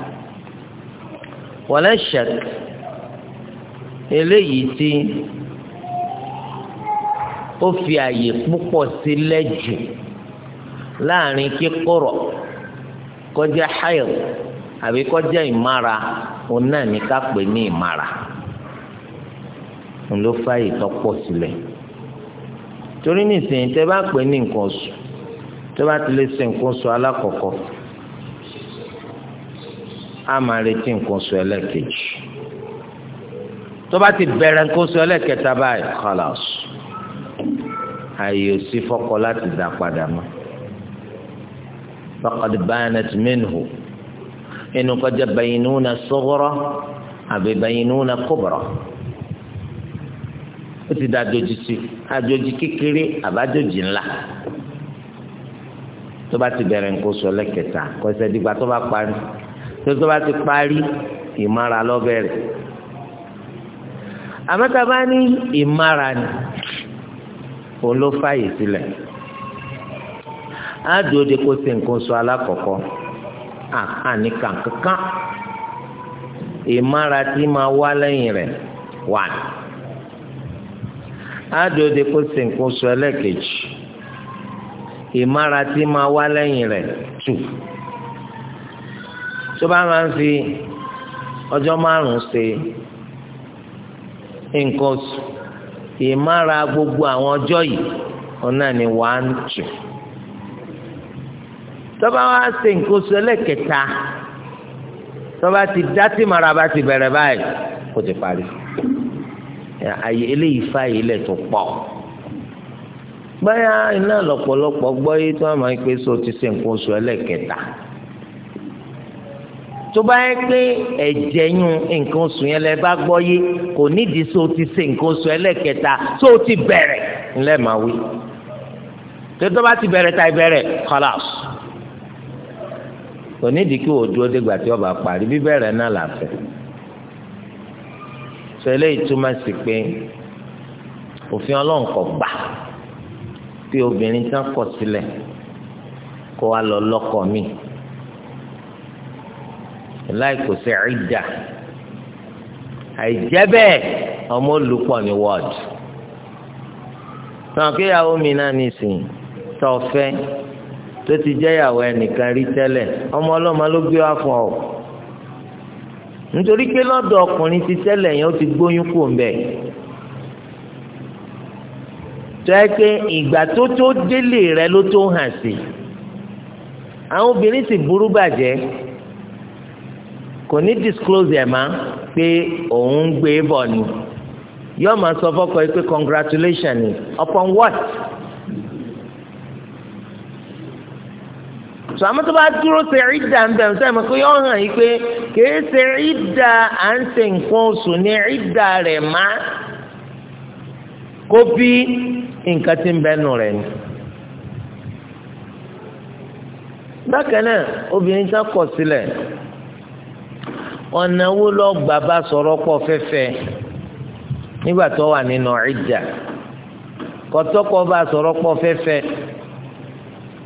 wọlé ṣẹk eléyìí tí ó fi àyè púpọ̀ sílẹ̀ jù láàrin kíkọ̀rọ̀ kọjá hayo àbí kọjá ìmára òun náà ní ká pè ní ìmara òun ló fàyè tọ́pọ̀ sílẹ̀ torí nìsín tẹ́ bá pè ní nǹkan oṣù tẹ́ bá ti lè ṣe nǹkan oṣù alákọ̀ọ́kọ́ a máa retí nǹkan oṣù ẹlẹ́ẹ̀kejì tó bá ti bẹ̀rẹ̀ nǹkan oṣù ẹlẹ́ẹ̀kẹta báyìí khalas ààyè ò sí fọ́kọ láti dá padà mọ́ faqad banat minhu inú kọjá baynuna sughra àbí baynuna kubra ó ti da àjòjì sí àjòjì kékeré àbájòjì ńlá tó bá ti bẹ̀rẹ̀ nǹkan sọ lẹ́kẹta kọsẹ̀ dìgbà tó bá parí tó tó bá ti parí ìmára lọ́bẹ̀rẹ̀ àmọ́ta bá ní ìmára ni òun ló fàyè sílẹ̀ á dúró de kó sọ alákọ̀ọ́kọ́ àníkàn kankan ìmára tí máa wá lẹ́yìn rẹ̀ wà ní. àdóde kó sì ń kó sọ ẹlẹ́kejì ìmára tí máa wá lẹ́yìn rẹ̀ tù. tó bá máa ń fi ọjọ́ márùn-ún ṣe nǹkan oṣù ìmára gbogbo àwọn ọjọ́ yìí ọ̀nà ni wàá ń tù tọ́ba wa ṣe nǹkan oṣù ẹlẹ́kẹta tọ́ba ti dá tí màrà bá ti bẹ̀rẹ̀ báyìí kò ti parí àyè eléyìí fáyè lẹ̀ tó pọ̀ báyà iná lọ́pọ̀lọpọ̀ gbọ́ yìí tí wọ́n máa ń pè so ti ṣe nǹkan oṣù ẹlẹ́kẹta tó bá yẹ pé ẹ̀jẹ̀ yún nǹkan oṣù yẹn lẹ bá gbọ́ yé kò nídìí so ti ṣe nǹkan oṣù ẹlẹ́kẹta so ti bẹ̀rẹ̀ ńlẹ́ màá wí tó ti bẹ̀rẹ̀ ta ìbẹ̀rẹ̀ kọ́láṣù kò nídìí kí wò dúró dégbà tí ọba parí bíbẹ̀rẹ̀ náà là fẹ́ sọ eléyìí túmọ̀ sí pé òfin ọlọ́run kò gbà pé obìnrin tán kọ̀ sílẹ̀ kó wa lọ lọ́kọ mi láì kò sí ìdá àìjẹ́ bẹ́ẹ̀ ọmọ olùpọ̀ ní wọ́ọ̀dù. sàn kéyàwó mi náà nìsín tọ́ fẹ́ tó ti jẹ́yàwó ẹnìkan rí tẹ́lẹ̀ ọmọ ọlọ́mọ ló gbé wá fún ọ nítorí pé lọ́dọ̀ ọkùnrin ti tẹ́lẹ̀ yẹn ó ti gbóyún kù ń bẹ̀ tó yẹ pé ìgbà tó tó délé rẹ ló tó hàn sí àwọn obìnrin sì burú bàjẹ́ kò ní disclose ẹ̀ má pé òun gbé bọ̀ ni yọ́ọ̀ máa sọ fọ́kọ yìí pé congratulations upon what. sọ àmọ́ tó bá dúró ṣe ìdá ń bẹ̀rù sẹ́yìn mọ́ pé yọ hàn yìí pé kìí ṣe ìdá à ń ṣe nǹkan oṣù ní ìdá rẹ̀ má kó bí nǹkan ti ń bẹ́nu rẹ̀ ni. bákan náà obìnrin tá kọ̀ sílẹ̀ ọ̀nà wo lọ gbà bá sọ̀rọ̀ pọ̀ fẹ́fẹ́ nígbà tó wà nínú ìdá kọ̀tọ́kọ̀ bá sọ̀rọ̀ pọ̀ fẹ́fẹ́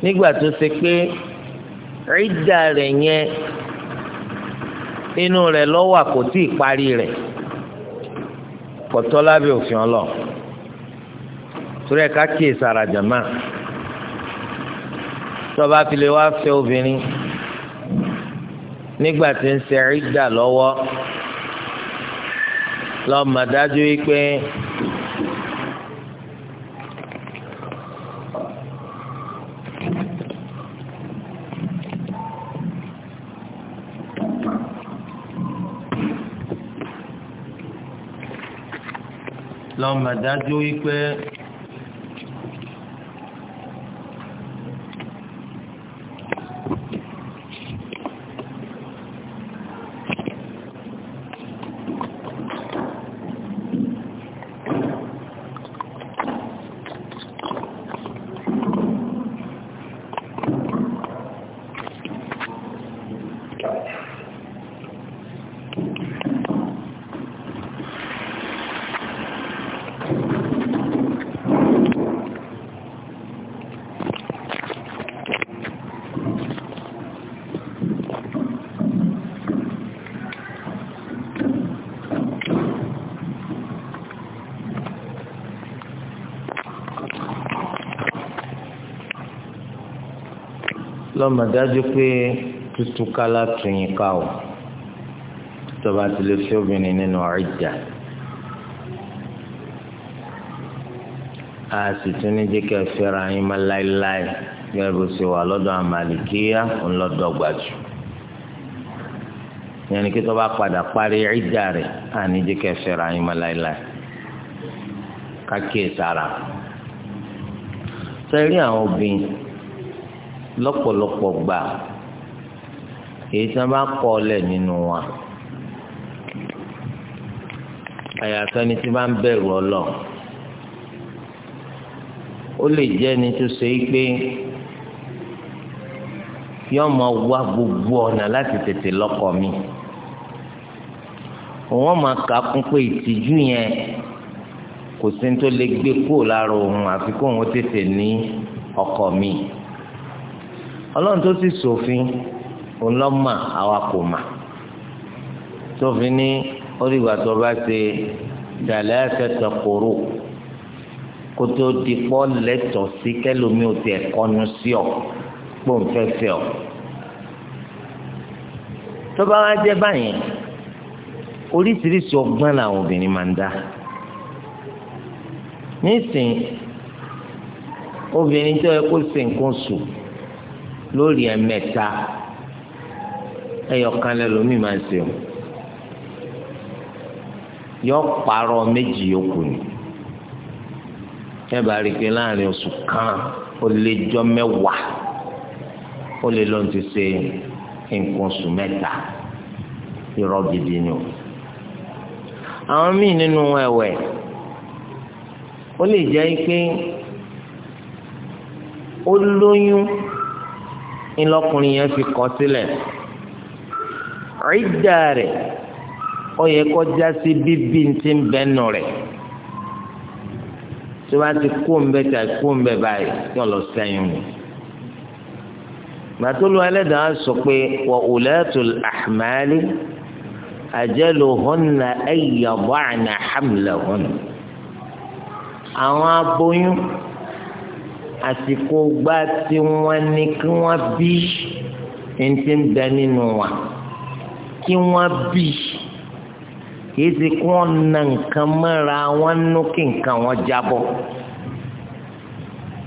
nígbà tó ṣe pé ìdá rẹ̀ yẹn inú rẹ̀ lọ́wọ́ kò tí ì parí rẹ̀ kọ̀tọ́ lábẹ́ òfin ọlọ torí ẹ̀ ká kíyè sára jàmá tọ́ba fi lè wá fẹ́ obìnrin nígbà tí ń ṣe ìdá lọ́wọ́ lọ́ọ́ mọ̀ dájú lọ́mọdájú wípé. lọ́mọ dájú pé tuntun kálá tuyin ká o tọba ti lè fi obìnrin nínú idda a sì tún ní jẹ́ kẹ́ fẹ́ra yín má láéláé gẹ́gẹ́ bó ṣe wà lọ́dọ̀ àmàlìkíyà ńlọ́dọ̀gba jù yẹn ni kí tọba padà parí idda rẹ̀ a ní jẹ́ kẹ́ fẹ́ra yín má láéláé kákíyèsára sẹ́rí àwọn obìnrin lọ́pọ̀lọpọ̀ gbà èyí tí wọ́n bá kọ́ ọlẹ̀ nínú wa àyàfẹ́ ni tí wọ́n bá ń bẹ̀rù ọlọ́ ó lè jẹ́ ẹni tó ṣe é pé yọ́n máa wá gbogbo ọ̀nà láti tètè lọ́kọ mi wọ́n máa kà á kún pé ìtìjú yẹn kò sí ní tó lè gbé kúrò lára òun àfi kóun tètè ní ọkọ mi ọlọ́run tó sì ṣòfin ọlọ́mà àwa kò mà ṣòfin ní orígbà tó bá ṣe dàlẹ́ àtẹ̀tẹ̀ kóró kótó dikpọ́ lẹ́tọ̀ sí kẹlòmí ò tẹ̀ kọ́nu sí ọ kpọ́nfẹ́fẹ́ ọ tó bá wá jẹ́ báyìí oríṣiríṣi ọgbọ́n làwọn obìnrin máa ń dá nísìnyí obìnrin tó yẹ kó ṣe nǹkan sùn lórí ẹ̀mẹ́ta ẹyọkan lẹ́lòmíì máa ń ṣe o yọ pààrọ̀ méjì yòókù ni ẹ bá rí i pé láàrin oṣù kan ó lé jọ mẹ́wàá ó lè lọ́n ti ṣe nǹkan oṣù mẹ́ta irọ́ gidi ni o àwọn míì nínú ẹ̀wẹ̀ ó lè jẹ́ pé ó lóyún ńlọkùnrin yẹn fi kọ sílẹ̀ ìdá rẹ̀ ó yẹ kó já sí bíbí ti ń bẹ́ nù rẹ̀ tí wọ́n ti kó ń bẹ́ tà kó ń bẹ́ báyìí tí wọ́n lọ sẹ́yìn nù gbàtúlù ẹlẹ́dàá sọ pé wọ́n ò lẹ́tù àmàlí àjẹlòhónà ẹ̀yàbọ̀ àná hàmìlẹ̀hónà àwọn aboyún àsìkò gbá tí wọ́n ní kí wọ́n bí ní ti ń bẹ nínú wa kí wọ́n bí kìí ṣe kí wọ́n na nǹkan mọ́ra wọn nú kí nǹkan wọn jábọ́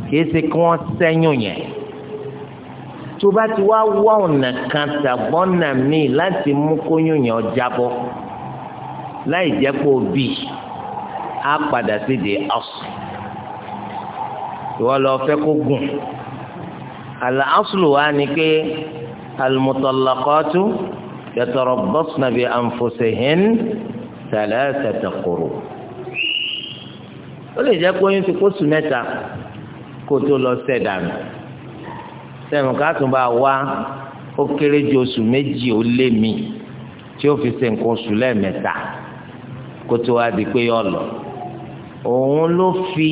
kìí ṣe kí wọ́n sẹ́yìn yẹn tó bá ti wá wá ọ̀nà kan tàbọ́nà míì láti mú kóyún yẹn jábọ́ láì jẹ́ pé o bí a padà sí di ọ̀sùn ìwọ lọ fẹ́ kó gùn àlà áṣùlù wa ni pé alùmùtọ̀lọ́kọ́tù yàtọ̀rọ̀ bọ́sùnàbí ànfọ̀sẹ̀hìn tẹ̀lẹ́ tẹ̀tẹ̀kùrù. ó lè jẹ́ pé oyún ti kóṣù mẹ́ta kó tó lọ sẹ̀dánù sẹ́nu ká tún bá wá ó kéré ju oṣù méjì ó lé mi tí ó fi ṣe nǹkan oṣù lẹ́ẹ̀mẹ́ta kó tó wá di pé yọ òun ló fi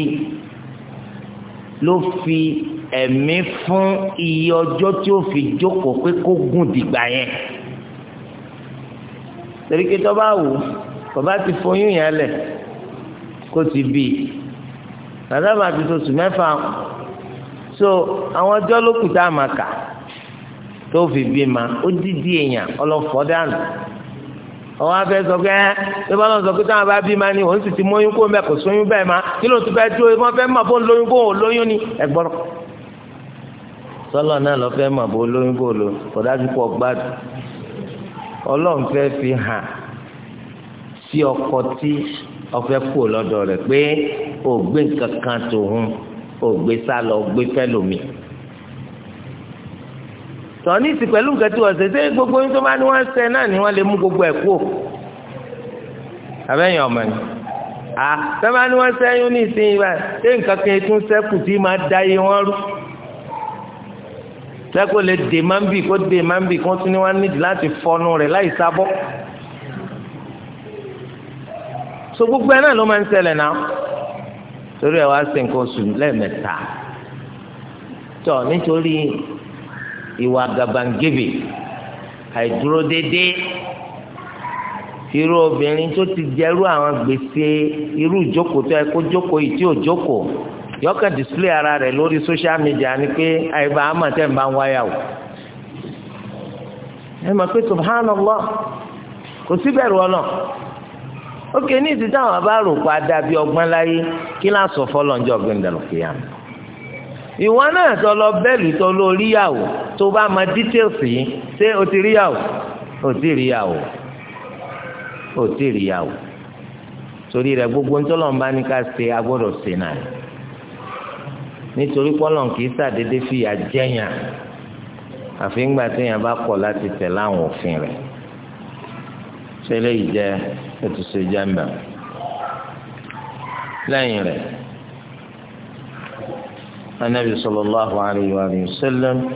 ló fi ẹ̀mí fún iye ọjọ́ tí ó fi jókòó pé kó gùn dìgbà yẹn torí pé tó bá wù bàbá ti foyún yẹn lẹ̀ kó ti bì í bàbá ti sọ̀tù mẹ́fà so àwọn ọjọ́ ló kù tá a máa tó fi bí ma ó dídí èèyàn ọlọ́fọ́ dànù àwọn afẹ́ sọ pé ẹ́ ṣé bá lọ sọ pé táwọn bá bí ma ni òun sì ti mọ́yún kó mẹ́ kò sóyún bẹ́ẹ̀ ma kí ló ti fẹ́ dúró wọ́n fẹ́ mọ̀ fún lóyún kó lóyún ni ẹ̀gbọ́n. sọ́lọ̀ náà lọ fẹ́ mọ̀ bó lóyún kó lóyún kò dájú pọ̀ gbádùn ọlọ́run fẹ́ fi hàn sí ọkọ tí ọfẹ́ kú lọ́dọ̀ rẹ̀ pé ògbé nǹkan kan tòun ògbé sálọ ògbé fẹ́ lòmíì tọ́ ní ìsìn pẹ̀lú nǹkan tí wọ́n ṣe ṣé gbogbo yín tó bá ní wọ́n ṣe náà ni wọ́n lè mú gbogbo ẹ̀ kú àbẹ́yìn ọmọ ni à sábà ní wọ́n ṣẹ́yún ní ìsìn ìgbà ṣé nǹkan kan tún ṣẹ́kù tí máa da iye wọn rú sẹ́kù lè dè máa ń bì kó dè máa ń bì kó tún ní wọ́n nídìí láti fọnu rẹ̀ láì sábọ́ so gbogbo ẹ náà ló máa ń ṣẹlẹ̀ náà torí ẹ wá ṣe nǹkan ìwà gàbàǹgebè àìdúró déédéé irú obìnrin tó ti jẹrú àwọn gbèsè irú ìjókòó tó ẹ kó jókòó yìí tí ò jókòó display ara rẹ lórí social media ni pé àyíká àmà tẹ̀ ń bá ń wáyà o ẹ mọ̀ pé subhanallah kò síbẹ̀rù ọ̀nà ó ké ní ìsìn táwọn bi rò pa dàbí ọgbọ́n láyé kí láǹsọ̀ fọlọ́njọ́ gbẹ̀ndẹ̀lùkìyàmù. ìwọ náà tó lọ bẹ́ẹ̀lì tó lọ ríyàwó tó bá mọ details yìí ṣé o ti ríyàwó o ti ríyàwó o ti ríyàwó torí rẹ gbogbo ntọ́lọ́mbá ní ká ṣe agbọ́dọ̀ ṣe náà nítorí pọ́lọ́n kì í ṣàdédé fìyà jẹ́yàn àfi ńgbà téèyàn bá kọ̀ láti tẹ̀ láwọn òfin rẹ̀ ṣẹlẹ̀ yìí jẹ́ ètùsọ̀ jẹ́mbà lẹ́yìn rẹ̀. النبي صلى الله عليه وآله وسلم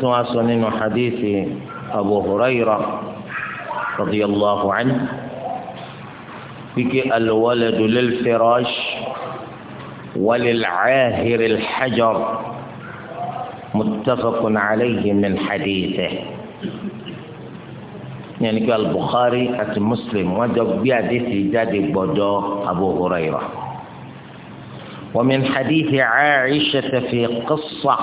تواصل من حديث أبو هريرة رضي الله عنه بك الولد للفراش وللعاهر الحجر متفق عليه من حديثه يعني قال البخاري مسلم وجب بيع في جادي بودو أبو هريرة ومن حديث عائشة في قصة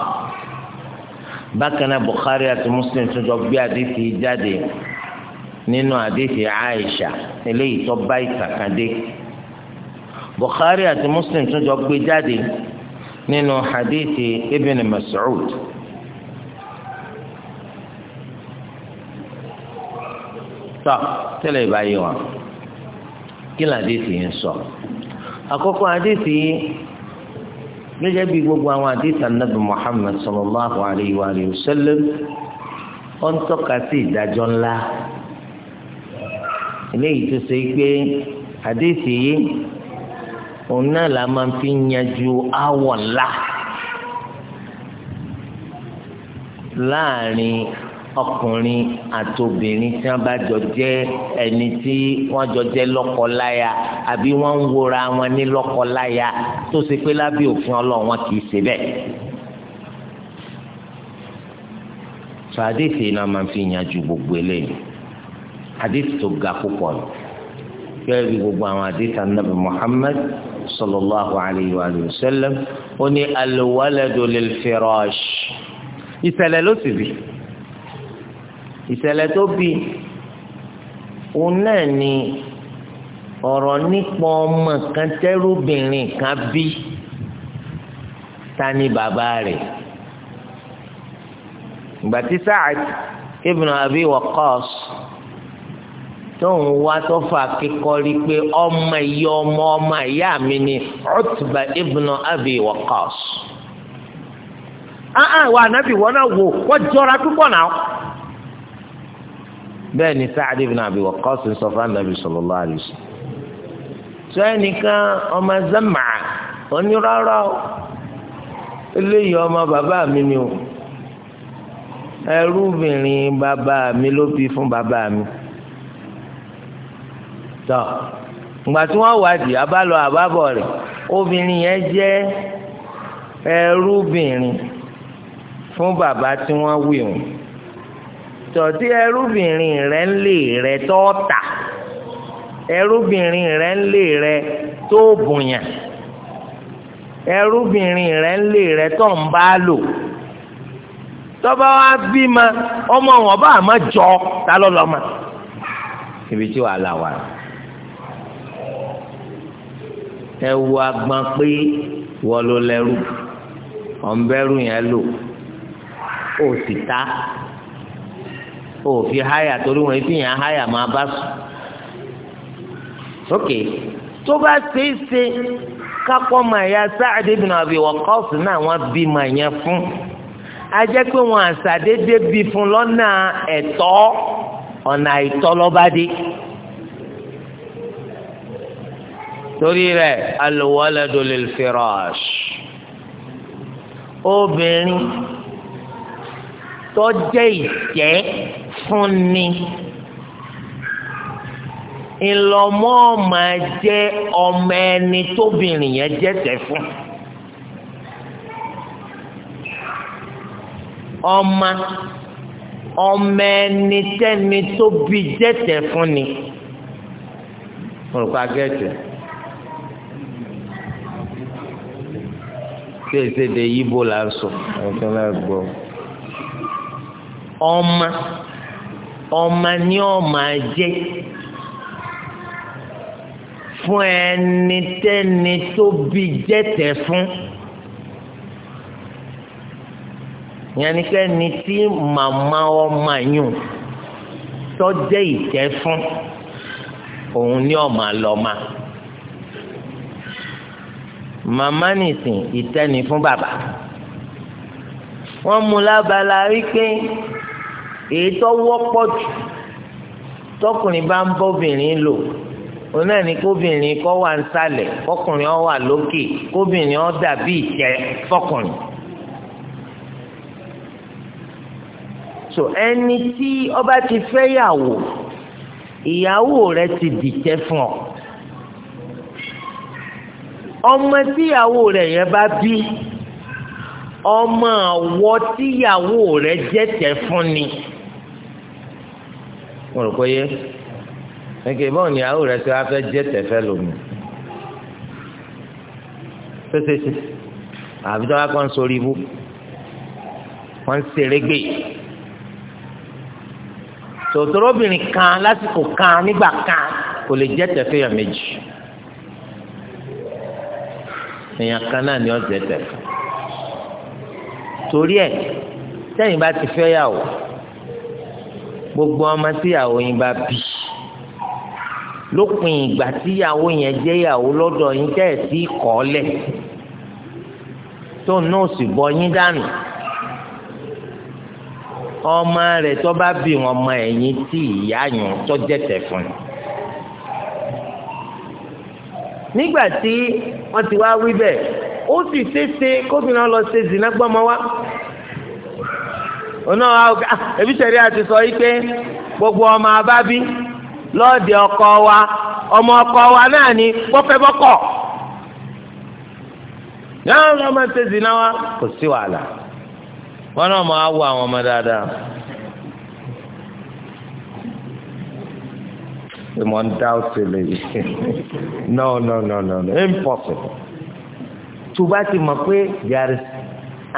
بكنا بخاري مسلم تجوب حديث جدي نينو حديث عائشة اللي تبايت كدي بخاري مسلم تجوب جدي نينو حديث ابن مسعود طب تلي بايوان كلا حديث ينصر أكوكو حديث gẹ́gẹ́ bí gbogbo àwọn àdìsá nàbì Muhammad sallallahu alayhi wa sallam ó ń tọ́ka sí ìdájọ́ ńlá eléyìí tó ṣe pé àdìsí yìí òun náà la máa fi yanjú áwọ̀ ńlá láàrin ọkùnrin àtobìnrin tí wọ́n bá jọ jẹ́ ẹni tí wọ́n jọ jẹ́ lọ́kọláya àbí wọ́n ń wora wọn ní lọ́kọláya tó ṣe pé lábẹ́ òfin Ọlọ́run wọn kì í ṣe bẹ́ẹ̀. sàdéfì náà máa fi yanjú gbogbo eléyìí àdéfì tó ga púpọ̀ ni gẹ́gẹ́ bí gbogbo àwọn àdéfì anábì Muhammad sallallahu alayhi wa sallam ó ní alwaladu lil firash ìṣẹ̀lẹ̀ ló sì bì ìṣẹ̀lẹ̀ tó bí òun náà ni ọ̀rọ̀ nípa ọmọ kan tẹ́rùbìnrin kan bí ta ni bàbá rẹ̀ ìgbà tí Sa'ad ibn Abi Waqqas tóun wá tó fà kíkọ́rí pé ọmọ ìyá ọmọ ọmọ ìyá mi ni Utba ibn Abi Waqqas. àà ah, ah, wà nábì náà wò wọ́n jọra púpọ̀ náà bẹ́ẹ̀ ni Sa'ad ibn Abi Waqqas ń sọ fún anabi sallallahu alaihi wasallam. sọ ẹnìkan ọmọ Zam'a onírọ́rọ́ eléyìí ọmọ bàbá mi ni o ẹrúbìnrin bàbá mi ló bí fún bàbá mi. tọ́ ìgbà tí wọ́n wádìí abálọ àbábọ̀ rẹ̀ obìnrin yẹn jẹ́ ẹrúbìnrin fún bàbá tí wọ́n wí òun. tọ̀tí ẹrúbìnrin rẹ̀ ń lè rẹ̀ tọ́ọ̀tà ẹrúbìnrin rẹ̀ ń lè rẹ̀ tó bùnyàn ẹrúbìnrin rẹ̀ ń lè rẹ̀ tó ń bá lò tọ́ba wa bímọ ọmọ wọn bá àmọ́ jọ ta ló lọ́mọ ibi tí wàá là wà ẹ wo agbọn pé wọ́n ló lẹ́rú ọ̀nbẹ́rù yẹn lò ó sì ta òfin háyà torí wọn fi yàn háyà máa bá sùn ok tó bá ṣeé ṣe kápọ́ màá ya Sa'ad ibn Abi Waqqas náà wọ́n bí màá yẹn fún ajẹ́ pé wọn àṣàdédé bí fún lọ́nà ẹ̀tọ́ ọ̀nà àìtọ́ lọ́bádé torí rẹ̀ al-waladu lil-firash tó jẹ́ ìjẹ́ fúnni ìlọmọ máa jẹ́ ọmọ ẹni tóbìnrin yẹn jẹ́sẹ̀ fún ọmọ ọmọ ẹni tẹ́ni tó bí fún ni mo agẹ́tẹ̀ tí èsè de yíbo là ń sọ ọ̀sán náà gbọ́ ọmọ ọmọ ni ọ máa jẹ fún ẹnitẹ́ni tó bí jẹ́tẹ̀ fún yẹnikẹ́ni tí màmá ọmọ yùn tọ́jẹ́ ìtẹ́ fún òun ni ọ máa lọ ma màmá nìsín ìtẹ́ni fún bàbá wọ́n mú lábala rí èyí tó wọ́pọ̀ jù tọkùnrin bá ń bọ́bìnrin lò òun náà ni kóbìnrin kọ́ wà nísàlẹ̀ kọkùnrin ọ wà lókè kóbìnrin ọ dàbí ìtẹ́ fọkùnrin. so ẹni tí ọba ti fẹ́ yàwó ìyàwó rẹ ti dìtẹ́ fún ọ ọmọ tíyàwó rẹ yẹn bá bí ọmọ àwọ tíyàwó rẹ jẹ́tẹ̀ fún ni mo rò pé yé ẹ̀kẹ́ bọ́ọ̀ ni àwọ̀ rẹ̀ ti wá fẹ́ jẹ́ tẹ̀fẹ́ lómi pẹ́sẹ́sẹ́ àbí tó wá kọ́ ń sori ibú wọ́n ń serégbè tòtòrò obìnrin kan lásìkò kan nígbà kan kò lè jẹ́ tẹ̀fẹ́ yà méjì èèyàn kan náà ni ó jẹ́ tẹ̀fẹ́ torí ẹ̀ sẹ́yìn bá ti fẹ́ yà wò gbogbo ọmọ tíyàwó yín bá bí lópin ìgbà tíyàwó yẹn jẹ́ ìyàwó lọ́dọ̀ yín tẹ́ ẹ̀ sí kọ́ọ́lẹ̀ tó nọ́ọ̀sì bọ́ yín dànù ọmọ rẹ̀ tó bá bí wọn ọmọ ẹ̀yìn tí ìyá yàn tó jẹ̀tẹ̀ fún un nígbà tí wọ́n ti wá wí bẹ́ẹ̀ ó sì ṣeéṣe kóbìnrin lọ zìnnà gbọ́mọ wá ọ̀nà ah, ẹbí sẹ̀rí àti sọ yìí pé gbogbo ọmọ abábí lọ́ọ̀dẹ̀ ọkọ wa ọmọ ọkọ wa náà ni bọ́fẹ́ bọ́kọ̀ yàrá wọn máa ṣe zina wa kò sí wàhálà wọn náà máa wọ àwọn ọmọ dáadáa ìmọ̀ ń dá òsèlè yìí no no no no no impossible tó bá ti mọ̀ pé there is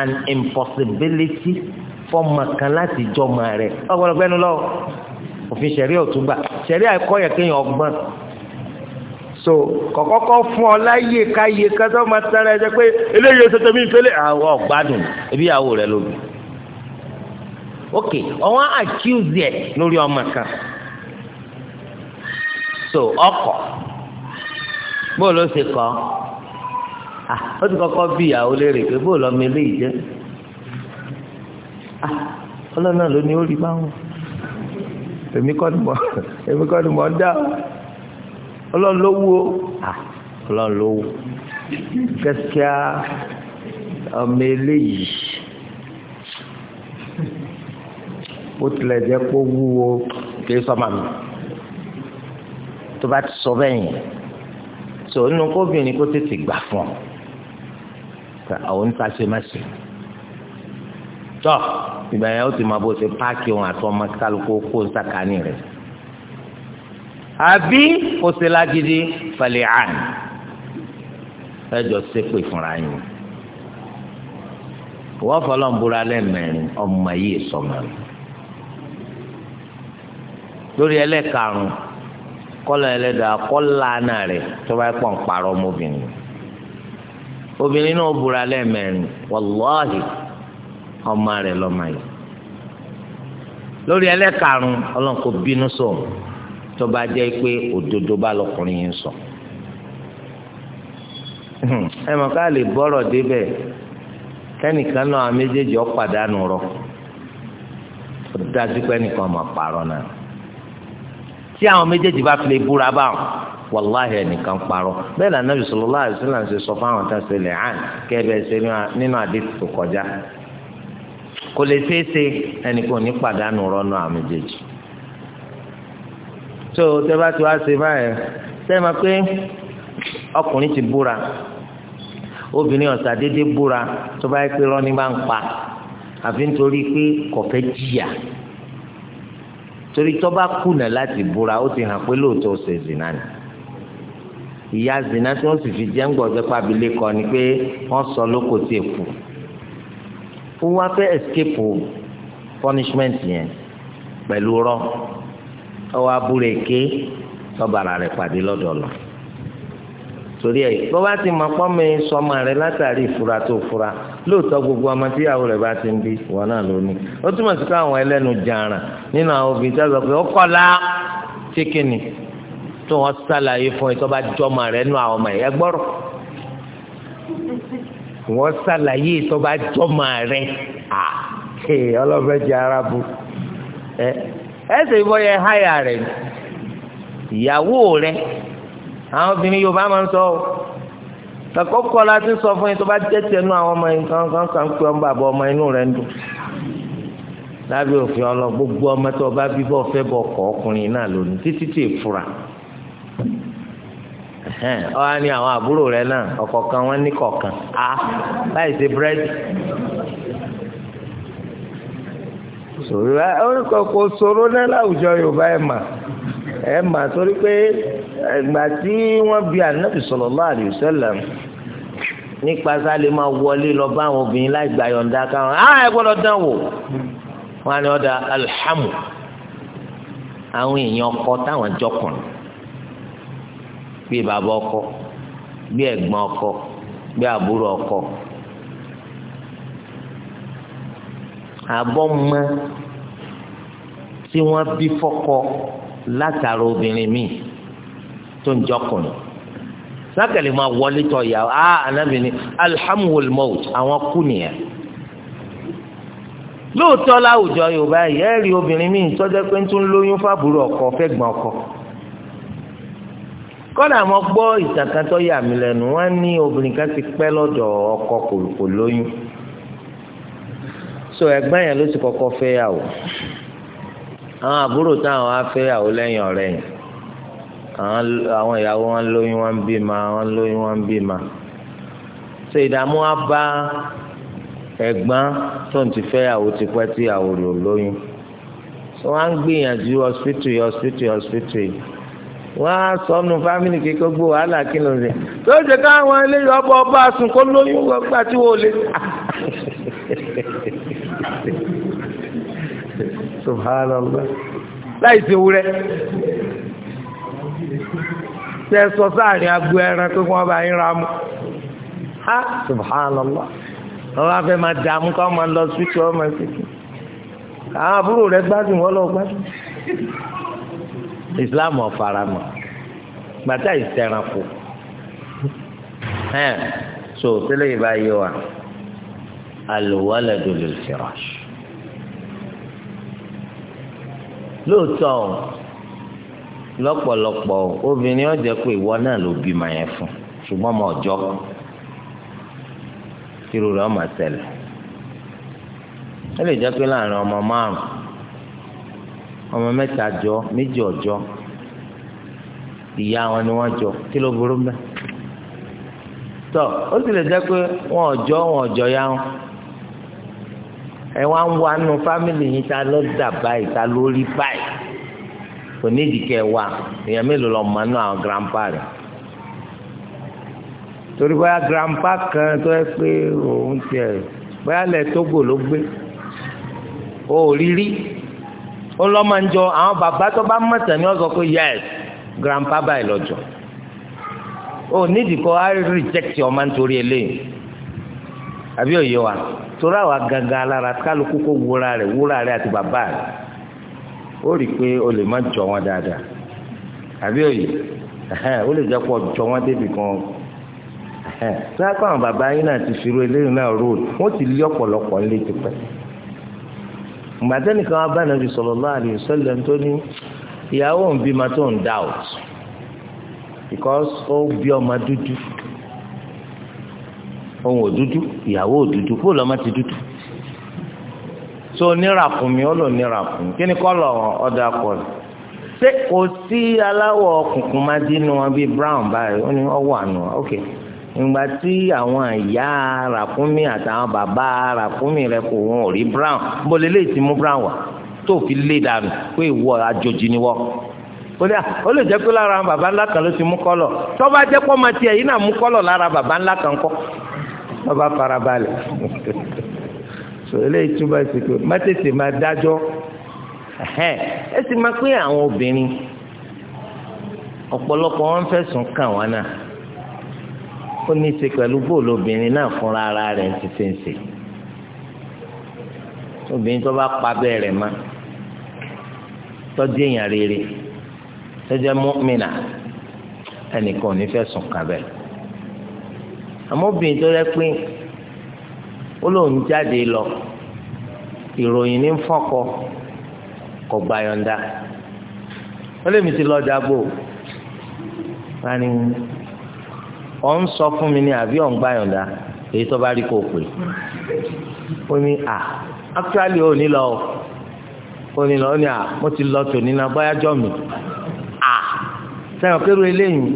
an impossibility fọ́ọ̀mà kan láti jọmọ rẹ̀ ọgbọ́dọ̀ gbẹ́nu lọ òfin ṣẹ̀rí ọ̀túngbà ṣẹ̀rí àìkọ́ yẹ kéèyàn ọgbọ́n so kọ̀kọ́kọ́ fún ọ láyè káyè kátó máa tẹ́lẹ̀ ẹ jẹ́ pé eléyìí oṣù tẹ̀mí ìfẹ́lẹ̀ àwọn ọ̀gbádùn ẹbí ìyàwó rẹ̀ lóbi ok ọ̀wọ́n accuse ẹ̀ lórí ọmọ kan so ọkọ̀ bó ló ṣe kọ́ ah, ó ti kọ́kọ́ bí ìyàwó léèrè pé bó lọ́mọ eléyìí jẹ́ Ah, ọlọ́run náà ló ní ó rí báwọn èmi kọ́ ni mo èmi kọ́ ni mo ń dá ọlọ́run ló wú o ah, ọlọ́run ló wú kẹ́síkíá ọmọ eléyìí ó tilẹ̀ jẹ́ kó wúwo kì í sọ́mà mi tó bá ti sọ bẹ́ẹ̀ yẹn tó nínú kóbìnrin kó tètè gbà fún ọ àwọn ń ta ṣe má ṣe tọ́ ìgbà yẹn ó ti máa bó ṣe páàkì òun àti ọmọ kálukú kó ń sàkání rẹ̀ àbí ó ṣe lágídí falẹ̀ àn ẹjọ́ ṣépè fúnra yín wọ́n fọlọ́ ń búra lẹ́mẹ̀rin ọmọ yìí sọmọ rẹ̀ lórí ẹlẹ́karùn-ún kọ́lọ̀ ẹlẹ́dàá kọ́lá náà rẹ̀ tó bá pọ̀ ń parọ́ ọmọbìnrin obìnrin náà búra lẹ́mẹ̀rin wàlláhì. ọmọ rẹ lọmọ yìí lórí ẹlẹ́karùn-ún ọlọ́run bínú sọ tó bá jẹ́ pé òdodo bá lọkùnrin yìí sọ ẹ mọ̀ ká lè bọ́rọ̀ débẹ̀ kẹ́nìkan náà méjèèjì ọ̀pàdánù rọ dájú pé ẹnìkan máa parọ́ náà tí àwọn méjèèjì bá fi lè búra báwọn wàláhì ẹnìkan parọ́ bẹ́ẹ̀ ni ṣe sọ fáwọn tá a ṣe lè hàn kẹ́ ẹ bẹ́ẹ̀ ṣe nínú tó kọjá. kò lè ṣeé ṣe ẹnìkan ò ní pàdánù rọ́nà àmì jèjì tó tẹ́ bá ti wá ṣe báyẹn sẹ́yìn máa pé ọkùnrin ti búra obìnrin ọ̀sà dédé búra tó bá yẹ pé rọ́ọ̀nì máa ń pa àfi nítorí pé kò fẹ́ jìyà torí tó bá kùnà láti búra ó ti hàn pé lóòótọ́ ó ṣe zìnà ni ìyá zìnà tí wọ́n sì fi jẹ́ ń gbọ́dọ̀ pàbílẹ̀ kọ ni pé wọ́n sọ lóko tí èkó ó wá fẹ́ escape o punishment yẹn pẹ̀lú rọ ó wá búra èké lọ́bàrà rẹ̀ pàdé lọ́dọ̀ lọ torí ẹ bó bá ti mọ pọ́n mi sọmọ rẹ látàrí ìfura tó fura lóòótọ́ gbogbo ọmọ tíyàwó rẹ bá ti ń bí wọn náà ló ní ó túmọ̀ sí káwọn ẹlẹ́nu jàǹrà nínú àwọn obìnrin tí wọ́n sọ pé ó kọ́lá tíkìnì tó wọ́n sàlàyé fún ẹ tó bá jọmọ rẹ nú àwọn ọmọ ẹ gbọ́rọ̀ wọ́n ṣàlàyé ìtọ́ba jọ́mọ rẹ̀ à ọlọ́fẹ́ jẹ́ arábù ẹ ẹsẹ̀ ìbọn yẹn háyà rẹ̀ ìyàwó rẹ̀ àwọn obìnrin Yorùbá máa ń sọ ọ́ kàkọ́kọ́ la ti sọ fún yín tó bá tẹ̀tẹ̀ nú àwọn ọmọ yín kan kan kan pé ọmọ bàbá ọmọ inú rẹ̀ ń dùn lábẹ́ òfin ọlọ gbogbo ọmọ tó bá bí fẹ́ bọ́ ọkọ ọkùnrin náà lónìí títí tí èfura. ọ̀hún ni àwọn àbúrò rẹ náà ọ̀kọ̀ọ̀kan wọn ní kọ̀ọ̀kan á láì ṣe búrẹ́dì. kò ṣòro náà láwùjọ yorùbá ẹ̀ mà mà torí pé ìgbà tí wọ́n bi ànábì sallallahu alaihi wasallam nípa sálẹ̀ máa wọlé lọ bá àwọn obìnrin láì yọ̀ǹda káwọn á ẹ gbọ́dọ̀ wọn alhamu àwọn èèyàn ọkọ táwọn jọkùnrin bí bàbá ọkọ bí ẹ̀gbọ́n ọkọ bí àbúrò ọkọ àbọ̀mọ tí wọ́n bí fọ́kọ látara obìnrin míì tó ń jọkùnrin sákàlì máa wọlé tọ ìyàwó a ànábì ni alhamdul maut àwọn kú nìyẹn lóòótọ́ láwùjọ yorùbá yìí ẹ rí obìnrin míì tọ́jọ́ pé ń tún lóyún fábùrò ọkọ fẹ́ gbọ́n ọkọ kọ́dà mo gbọ́ ìtàkàtọ́ yà mí lẹ́nu wọ́n ní obìnrin kan ti pẹ́ lọ́dọ̀ ọkọ kò lóyún so ẹ̀gbọ́n yẹn ló ti kọ́kọ́ fẹ́yàwó àwọn àbúrò táwọn á fẹ́yàwó lẹ́yìn ọ̀rẹ́ yẹn àwọn ìyàwó wọn lóyún wọn bímọ wọn lóyún wọn bímọ so ìdààmú wa bá ẹ̀gbọ́n tó ń ti fẹ́yàwó ti pẹ́ tí ìyàwó rò lóyún so wọ́n á gbìyànjú hospital hospital hospital yìí wọ́n á sọ ọ́nù fámìlì kékeré gbó wàhálà kí ló ń ṣe tó ṣe káwọn eléyìí ọba ọba sùn kó lóyún gbà tí wọ́n lè. subhanallah láì sí wúrẹ́ tẹ sọ sáàrin agbo ẹran pé wọ́n bá yín ra mu ha subhanallah wọ́n bá fẹ́ máa dààmú kọ́ máa lọ sí tí wọ́n máa ṣe kí àwọn àbúrò rẹ̀ gbádùn wọ́n lọ gbádùn islam ọ̀faramọ̀ gbàtà ìsẹ̀rànkù ẹ̀ẹ́n so tẹ́lẹ̀ yìí bá yé wa alùwálẹ̀ dòlè fìràṣ lóòótọ́ lọ́pọ̀lọpọ̀ obìnrin ọ̀jẹ̀ pé ìwọ náà ló bímọ yẹn fún ṣùgbọ́n ọmọ ọ̀jọ́ tìrù rẹ̀ ọmọ tẹ̀lẹ̀ ẹ lè jẹ́ pé láàrin ọmọ márùn-ún ọmọ mẹ́ta jọ méjì ọjọ́ ìyá wọn ni wọ́n jọ kí ló burú mbẹ tọ ó sì lè jẹ́ pé wọn ọjọ́ wọn ọjọ́ ya wọn ẹ wá ń wá nu fámìlì yìí ta ló dà báyìí ta ló rí báyìí kò ní ìdíkẹ wa èèyàn mélòó lọ mọ nínú àwọn grandpa rẹ torí bóyá grandpa kan tó yẹ pé òun tiẹ̀ bóyá lẹ tógò ló gbé o ò ó lọ́mọ ń jọ àwọn bàbá tó bá mọ̀tàn ni wọ́n sọ pé yes grandpa báyìí lọ́jọ́ ó nídìí kọ́ á reject ọmọ nítorí eléyìí àbí òye wa torí àwa gangan alára kálukú kó wúra rẹ̀ wúra rẹ̀ àti bàbá rẹ̀ ó rí i pé o lè má jọ wọn dáadáa àbí òye ó lè jẹ́ pọ̀ jọ wọn débi kan lápá àwọn bàbá yín náà ti fi ru eléyìí náà róòlù wọ́n ti lé ọ̀pọ̀lọpọ̀ nílé tipẹ́ gbàtẹ́nì kan wá bá nàbì sallallahu alaihi wasallam tó ní ìyàwó ń bímọ tó ń doubt because ó bí ọmọ dúdú òun ò dúdú ìyàwó ò dúdú kó lọ́mọ ti dúdú so níràkùnmí ó lò níràkùnmí kí ni kọ́lọ̀ ọ̀dà pọ̀ ṣé kò sí aláwọ̀ kùnkùn máa dínú wọn bíi brown báyìí ó ní ọwọ́ àná ok ìgbà tí àwọn ìyá ràkúnmí àtàwọn bàbá ràkúnmí rẹ kò wọn ò rí brown bó lè léyìí ti mú brown wá tó fi lé dànù pé ìwọ àjòjì ni wọ kódà ó lè jẹ́ pé lára bàbá ńlá kan ló ti mú kọ́lọ̀ tó bá jẹ́ pọ́ máa tiẹ̀ yìí náà mú kọ́lọ̀ lára bàbá ńlá kan kọ́ tó bá farabalẹ̀ so eléyìí túbọ̀ sí pé má tètè máa dájọ́ ẹ sì máa pé àwọn obìnrin ọ̀pọ̀lọpọ̀ wọn fẹ̀sùn kàn wọn náà ó ní í ṣe pẹ̀lú bóòlù obìnrin náà fúnra ara rẹ̀ ti ṣe ń ṣe obìnrin tó bá pa bẹ́ẹ̀ rẹ̀ mọ́ tọ́jú èèyàn rere tọ́jú mọ́mìnà ẹnìkan ò ní fẹ́ sùn àmọ́ lọ ìròyìn ní fọ́kọ kò gbayọ̀ǹda ó lè mi ti Ọ ń sọ fún mi ní àbí ọ̀ ń èyí tó bá rí actually ó ní lọ ó mo ti lọ tòní mi à sẹ́yìn eléyìí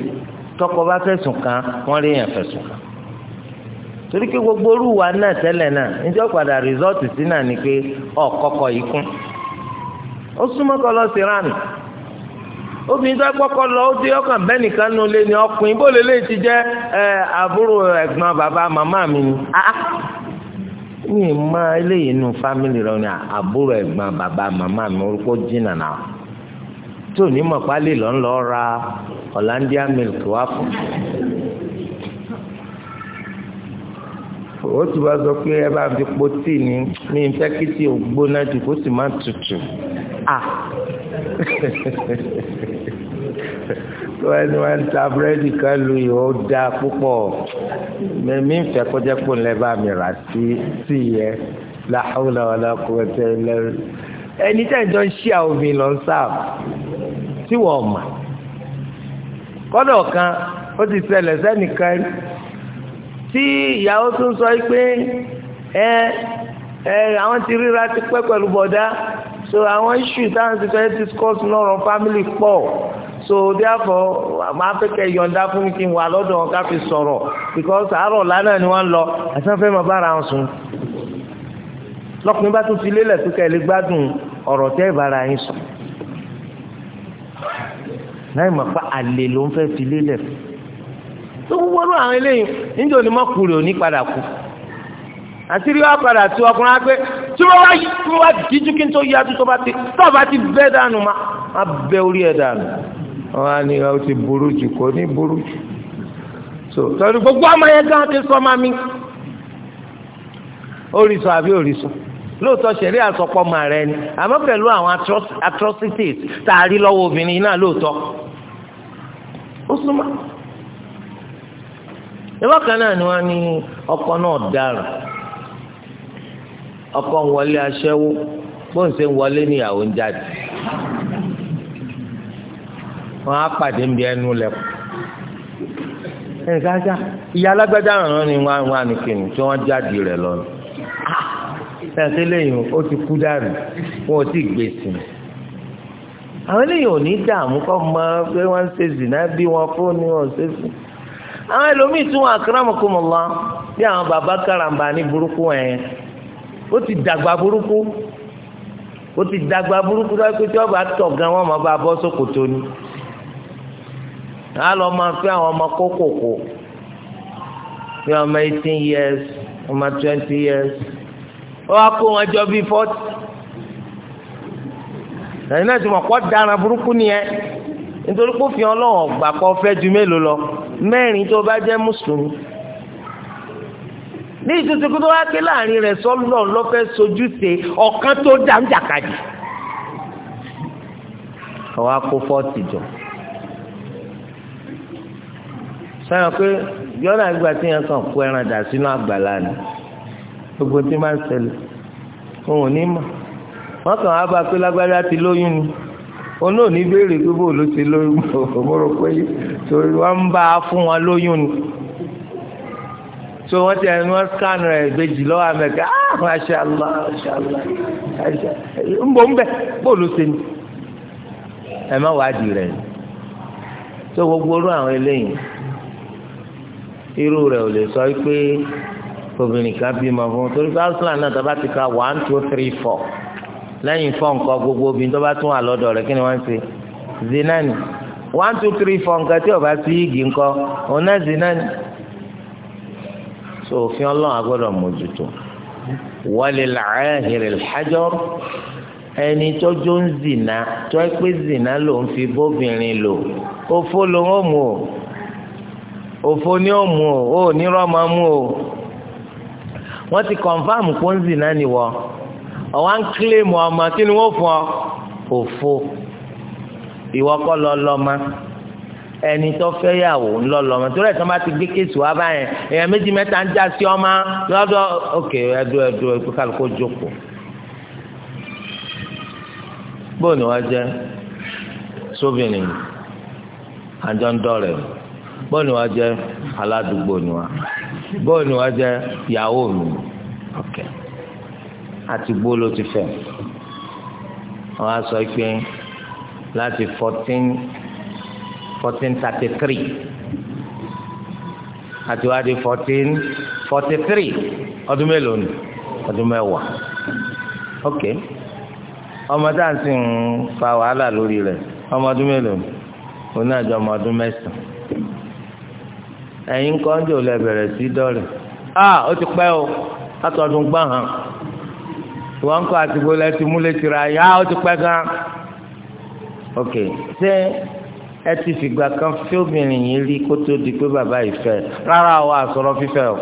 tọkọ bá fẹ̀sùn wọ́n rí yẹn fẹ̀sùn torí pé gbogbo náà tẹ́lẹ̀ náà níjọ́ padà obìnrin tó gbọ́kọ lọ ó dé ọkàn bẹ́ẹ̀ nìkan nu lé ní ọkùnrin bó lè ti jẹ́ àbúrò ẹ̀gbọ́n bàbá màmá mi ni ah, ah. ma eléyìí nu fámìlì rẹ ni àbúrò ẹ̀gbọ́n bàbá màmá mi orúkọ jìnnà náà tó ní mọ̀ pálí lọ́n lọ́ ra Hollandia milk wá fún o ti wá sọ pé ẹ bá fi po tíì ní ní tó ẹni wọn ń ta búrẹ́dì kan lu ìhó da púpọ̀ mẹ́mí ń fẹ́ kọjá pò ń lẹ́bàá mi rà sí sí yẹ la hawla wala quwwata illa ẹni tẹ́ ìjọ ń ṣí àwọn obìnrin lọ ń sáàbù tí wọ́n mọ̀ kọ́dọ̀ kan ó ti ṣẹlẹ̀ sẹ́nìkan rí tí ìyàwó tó ń sọ pé ẹ ẹ àwọn ti ríra ti pẹ́ pẹ̀lú bọ̀dá so àwọn issue táwọn ti fẹ́ discuss lọ́rọ̀ family pọ̀ so therefore máa fẹ́ kẹ́ yọ̀ǹda fún mi kí n wà lọ́dọ̀ ká fi sọ̀rọ̀ because àárọ̀ lánàá ni wọ́n lọ àtúnfẹ́ máa bára wọn sùn lọ́kùnrin bá tún fi lélẹ̀ tó kẹ́ lè gbádùn ọ̀rọ̀ tẹ́ ìbára yín sùn láì mọ̀ pé àlè ló ń fẹ́ fi lélẹ̀ tó gbogbo ọdún àwọn eléyìí níjẹ́ òní mọ́kùnrin ò ní padà kú àtìrí wa padà tí ọkùnrin á pé tí wọ́n wá tí wọ́n wá díjú kí n tó yá tó bá ti tó bá ti bẹ́ dànù má bẹ́ orí ẹ̀ dànù wọn á ní ọ ti burú jù kò ní burú jù so torí gbogbo ọmọ yẹn gan ti sọ ma mi orísun àbí orísun lóòótọ́ ṣẹ̀rí àsọpọ̀ ọmọ rẹ ni àmọ́ pẹ̀lú àwọn atrocities tá a rí lọ́wọ́ obìnrin náà lóòótọ́ ó súnmọ́ ìwọ́kan náà ni wọ́n ní ọkọ náà dára ọkọ ń wọlé aṣẹ́wó bó ṣe ń wọlé níyàwó ń jáde wọn á pàdé ń bí ẹnu lẹ̀kùn ẹnìkan ṣá ìyá alágbádá àrùn ni wọn wà ní kìnnì tí wọn jáde rẹ lọ ṣàtẹ lẹ́yìn ó ti kú dànù wọn ò tí ì gbé sí i àwọn eléyìí ò ní dààmú kọ́ mọ pé wọ́n ń ṣe zìnà bí wọn fún ni wọn ò ṣe fún àwọn ẹlòmíì tún wọn akramakumullah bí àwọn bàbá karamba ní burúkú ẹ̀ ó ti dàgbà burúkú ó ti dàgbà burúkú lọ́wọ́ pé tí wọ́n bá tọ̀ gan wọ́n mọ̀ bá bọ́ sókòtò ni á ma máa fẹ́ m'a ọmọ kókòkò bí ọmọ eighteen years ọmọ twenty years ó wá kó wọn jọ bíi forty lẹ́yìn náà tí wọ́n kọ́ dára burúkú nìyẹn nítorí pé òfin ọlọ́wọ̀n gbà kọ́ fẹ́ ju mélòó lọ mẹ́rin tó bá jẹ́ mùsùlùmí ní ìtútù kí wọ́n wá ké láàrin rẹ̀ sọ́lọ́ lọ́fẹ́ sojú ṣe ọ̀kan tó dáńjàkadì ọ̀wá kó fọ́ọ̀tì jọ. sáyẹn pé yọ̀ọ́dà ìgbà tí yẹn kàn kó ẹran dà sínú àgbàlá ni gbogbo tí máa ń ṣẹlẹ̀ òun ò ní mọ̀ wọ́n kàn á bá pé lágbájá ti lóyún ni òun náà ní béèrè pé bó ló ti lóyún mo rò pé torí wọ́n ń bá a fún wọn lóyún ni so wọ́n ti ẹni wọ́n scan rẹ̀ ìbejì lọ́wọ́ amẹ́kẹ́ ah masha allah masha allah ń bọ̀ ń bẹ̀ bó ló ṣe ni ẹ má wàá di rẹ̀ so gbogbo orú àwọn eléyìí irú rẹ̀ ò lè sọ pé obìnrin kan bímọ fún un torí káwùsùlà náà tó bá ti ka one two three four lẹ́yìn fọ́ nǹkan gbogbo obìnrin tó bá tún wà lọ́dọ̀ rẹ̀ kí ni wọ́n ń ṣe zinani one two three four nǹkan tí ọba sí igi nǹkan òun náà zinani so òfin ọlọ́run agbọ́dọ̀ mójútó wọlé làáhìrì hájọ́ ẹni tọ́jú ń zina tó ẹ pé zina ló ń fi bóbìnrin lò ó fó ló ń mú o òfo ni ó mú o ó ní rọ́mọ mú o wọ́n ti kọ̀nfàmù kó ń zì náà nìwọ ọ̀wá ń kílèmù ọmọ kí ni wọ́n fọ òfo ìwọ kọ́ lọ lọ́mọ ẹni tó fẹ́ yàwó ńlọ lọ́mọ torí ẹ̀ tí wọ́n bá ti gbé kéésì wá báyẹn èèyàn méjì mẹ́ta ń já sí ọmọ lọ́dọ̀ òkè ẹ̀dùn ẹ̀dùn ẹ̀dùn kálukó jókòó bóun ni wọ́n jẹ́ sóbìnrin àjọ ń dọ̀rẹ̀ o bọ́ọ̀ ni wàá jẹ́ aládùúgbò ni wàá bọ́ọ̀ ni wàá jẹ́ ìyàwó mi ọ̀kẹ́ àti gbó ló ti fẹ́ wọ́n á sọ pé láti fourteen fourteen thirty three àti wàá di fourteen forty three ọdún mélòó ni ọdún mẹ́wàá ọ̀kẹ́ ọmọ tá ń sìn fa wàhálà lórí rẹ̀ ọmọ ọdún mélòó ni ọdún mẹ́sàn-án. ẹ̀yin kọ́ńjò lẹ bẹ̀rẹ̀ sí dọ́rẹ̀ a ó ti pẹ́ o látọ̀dún gbọ́n hàn wọ́n kọ́ ti múlẹ̀ tira yá ó ti pẹ́ gan. ok ṣé ẹ ti fìgbà kan fi obìnrin yìí rí kó di pé bàbá yìí fẹ́ rárá o àsọ̀rọ̀ fífẹ́ o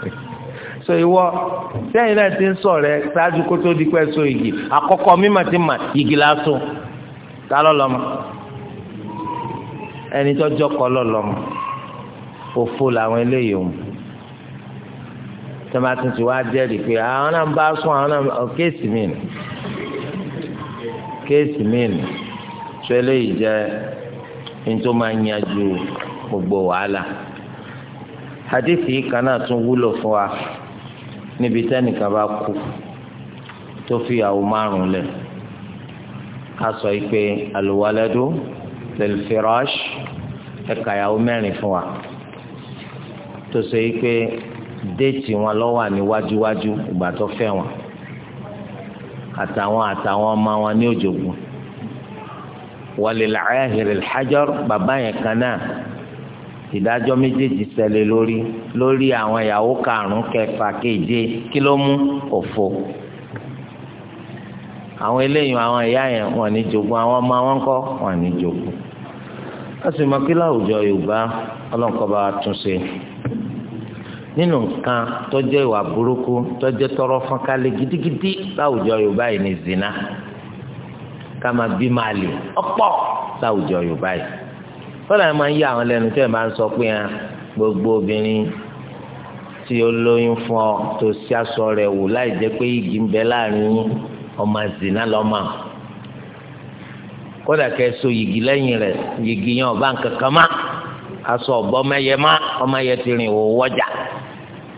so ìwọ sẹ́yìn náà ti ń sọ rẹ ṣáájú di so igi àkọ́kọ́ mímọ̀ ti mà igi lásán ta lọ́lọ́mọ ẹni tó jọkọ̀ lọ́lọ́mọ. òfò làwọn eléyìí òun tẹ́lẹ̀ tún ti wá jẹ́rìí pé àwọn náà ń bá sùn àwọn náà kéèsì míì nù kéèsì míì nù tó eléyìí jẹ́ nítorí máa ń yanjú gbogbo wàhálà hadithi yìí kan náà tún wúlò fún wa níbi tẹ́nìkan bá kú tó fi ìyàwó márùn lẹ̀ a sọ yìí pé alwaladu lil ẹ̀ka ìyàwó mẹ́rin fún wa tó ṣe yí pé déètì wọn ló wà ní wájúwájú ìgbà tó fẹ́ wọn àtàwọn àtàwọn ọmọ wọn ní òjòògùn walil'ahir al-hajar bàbá yẹn kan náà ìdájọ́ méjèèjì ṣẹlẹ̀ lórí lórí àwọn ìyàwó karùn-ún kẹfà keje kí ló mú òfò àwọn eléyìí àwọn ìyá yẹn wọn ní jogún àwọn ọmọ wọn kọ́ wọn ní jogún a sì kí láwùjọ yorùbá ọlọ́nkọba túnṣe nínú nǹkan tọ́jẹ́ ìwà burúkú tọ́jẹ́ tọrọ fọ́nkálẹ̀ gidigidi láwùjọ yorùbá yìí ní zina ká máa bí máa lè ọ̀pọ̀ láwùjọ yorùbá yìí fọlá máa ń yá àwọn lẹ́nu tẹ́ ẹ̀ máa ń sọ pé gbogbo obìnrin tí ó lóyún fún ọ tó sí aṣọ kódà kẹ́ so yìgì lẹ́yìn rẹ̀ yìgì yẹn ọba nkankan má aṣọ ọ̀bọ mẹ́yẹ má ọmọ yẹ ti rìn òwò wọ́jà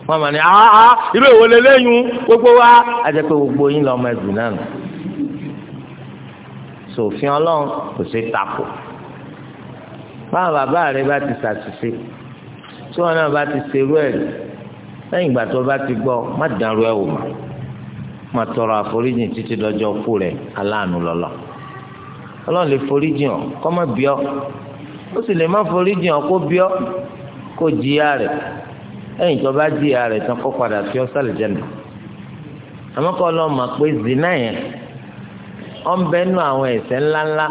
wọ́n mọ̀ ní aa ah, ah, ah, irú èwo lè lẹ́yìn gbogbo wa ajẹ́ pé gbogbo yín lọ́mọ ẹ̀dùn náà nù sòfin ọlọ́run kò sí takò báwọn bàbá rẹ bá ti ṣàṣìṣe tí wọn náà bá ti ṣerú ẹ̀ lẹ́yìn ìgbà tó bá ti gbọ́ má dàrú ẹ̀ wò má tọrọ àforíjì títí dọjọ́ kú rẹ̀ aláàánú lọ́lọ́ ọlọ́run lè forí jìn ọ́ kọ́ má bíọ́ ó sì lè má forí jìn ọ́ kó bíọ́ kó jìyà rẹ̀ ẹ̀yìn tó bá jìyà rẹ̀ tán kó padà fi ọ́ sálẹ̀ jẹ́nu àmọ́ kọ́ lọ́ọ́ mọ̀ pé zina yẹn ọ́ ń bẹ́ nù àwọn ẹ̀ṣẹ̀ ńláńlá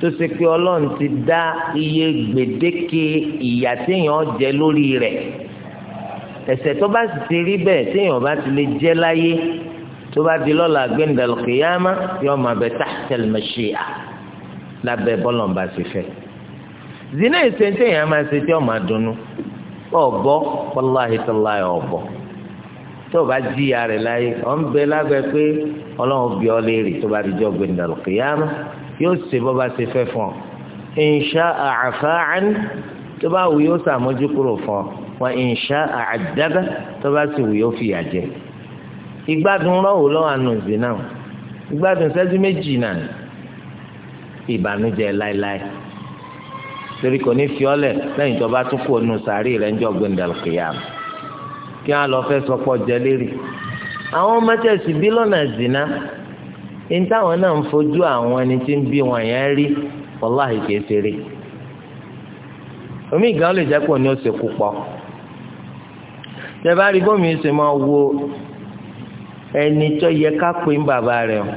tó ṣe pé ọlọ́run ti dá iye gbèdéke ìyà téèyàn jẹ lórí rẹ̀ ẹ̀ṣẹ̀ tó bá sì ti rí bẹ́ẹ̀ téèyàn bá ti lè jẹ láyé tó bá di lọ́la gbẹ̀ndàlùkìyàmá yọ ọmọ abẹ́ta tẹlẹmẹṣíà lábẹ́ bọ́lọ̀mbà ṣe fẹ́ zina ìsèǹtẹ̀ yẹn máa ṣe tí ọmọ adùnnú ọ̀bọ wàláhi tàláhi ọ̀bọ tó o bá jí ya rẹ̀ láyé ọ̀n bẹ lábẹ́ pé ọlọ́run bí ọ léèrè tó bá dijọ́ gbẹ̀ndà lọ́kìyàmù yóò ṣe bọ́ bá ṣe fẹ́ fún ọ ìnṣá àfáàn tó bá wù yóò ṣàmójú kúrò fún ọ wọn ìnṣá àdábẹ́ tó bá sì wù yóò fìyà jẹ ìgbádùn rọ̀ wò lọ́wọ́ àánú zina o ìgbádùn ìṣẹ́jú méjì náà ìbànújẹ́ láéláé torí kò ní fi ọlẹ̀ lẹ́yìn tó bá tún kú ònú sàárì rẹ̀ ń jọ gbẹndàlùkìyà kí wọn lọ fẹ́ sọpọ̀ jẹ lérè àwọn ọmọ tẹ̀sí bí lọ́nà zina ní táwọn náà ń fojú àwọn ẹni tí ń bí wọn yẹn rí wàláhì kìí ṣeré omi ìgbà ó lè jẹ́ pọ̀ ní ó ṣe kú pọ̀ tẹ bá rí bómi ṣe máa wo ẹni tó yẹ ká pè ń bàbá rẹ̀ o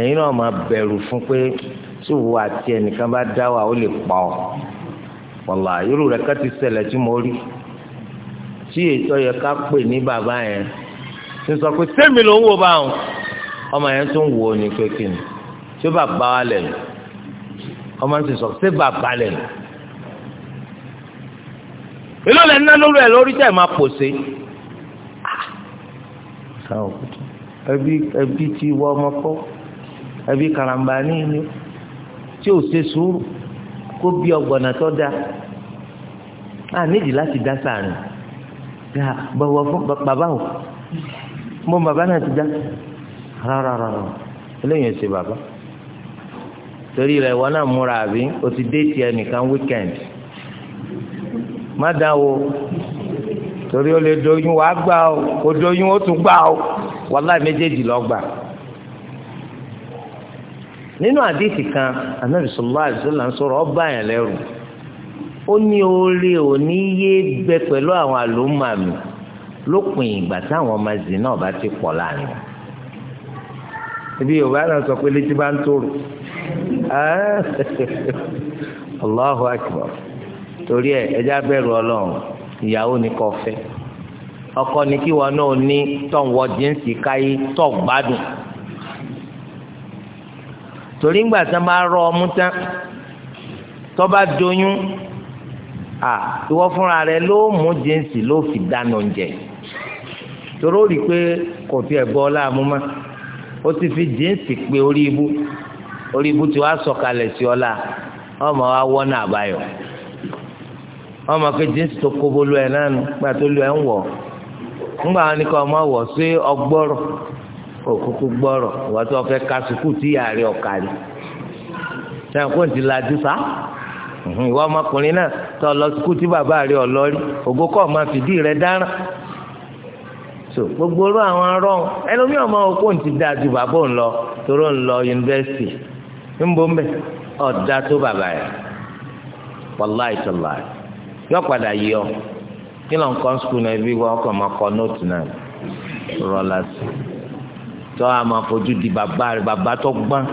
ẹ̀yin náà máa bẹ̀rù fún pé tí wo àti ẹnìkan bá dá wà ó lè pa ọ́ wàlá irú rẹ̀ ká ti ṣẹlẹ̀ tí mo rí tí ètò yẹ ká pè ní bàbá yẹn ti sọ pé sẹ́mi ló ń wo bá wọn ọmọ yẹn tó ń wo ni pé kí ni ṣé bàbá wa lẹ̀ ni ọmọ yẹn ti sọ ṣé bàbá lẹ̀ ni èló lẹ̀ ń lórí ẹ̀ lórí tẹ̀ máa pòṣe san òkú tó ẹbí ẹbí ti wọ ọmọ kọ́ ẹbí karamba ní ilé tí ò ṣe sùúrù kó bí ọgbọ̀nà tó dáa a nídìí láti dá sàárín dáa bọ̀wọ̀ fún bàbá o mo bàbá náà ti dá rárá rárá eléyìí ṣe bàbá torí rẹ̀ wọn náà múra àbí o ti dé tiẹ̀ nìkan wíkẹ́ndì má dáa torí o lè doyún wàá gbà o o doyún o tún gbà o wàláì méjèèjì lọ gbà. nínú àdìsí kan anabi sọlá àdìsọlá ń sọ̀rọ̀ ọba yẹn lẹ́rù ó ní oore òní yé gbẹ pẹ̀lú àwọn àlùmọàmì lópin ìgbà táwọn ọmọ ẹ̀sìn náà bá ti pọ̀ láàrin ibi yorùbá náà sọ pé létí bá ń tòrò Allahu akbar torí ẹ ẹ já bẹ̀rù Ọlọ́run. ìyàwó ni kò fẹ́ ọkọ ni kí wọn náà ní tọ̀wọ́ jíǹsì káyé tọ̀ gbádùn torí ńgbà tí wọn bá rọ ọmú tán tó bá doyún à ìwọ fúnra rẹ ló mú jíǹsì ló fi dáná oúnjẹ torí ó rí i pé kò ti fi jíǹsì pé orí ibú orí ibú tí sọ̀kalẹ̀ sí ọ la ọmọ wa wọ́n wọn máa pe jíǹsì tó kóbó lu ẹ nánu gbà tó lu ẹ ń wọ ńgbà wọn ni kò máa wọ sí ọgbọrọ òkúkú gbọrọ ìwà tó fẹ́ ka sùkúù tí yàrá rẹ ọkà rí sẹ́yìn kó n ti lajú sá ìwà ọmọkùnrin náà tó lọ sùkúù tí bàbá rẹ ọlọrí ògo kọ máa fìdí rẹ dáràn so gbogbo orú àwọn arọ ẹlòmíràn máa wọ kó n ti dáa ju bàbá òun lọ toró ń lọ yunifásitì ń bọ́ mbẹ́ tó bàbá yẹn wàláì láì yọ padà yí ọ kí ló ń kọ́ skul náà ibi wọn kọ́ máa kọ́ nóòtù náà rọlá sí tọ́ a máa fojú di bàbá rẹ̀ bàbá tó gbọ́n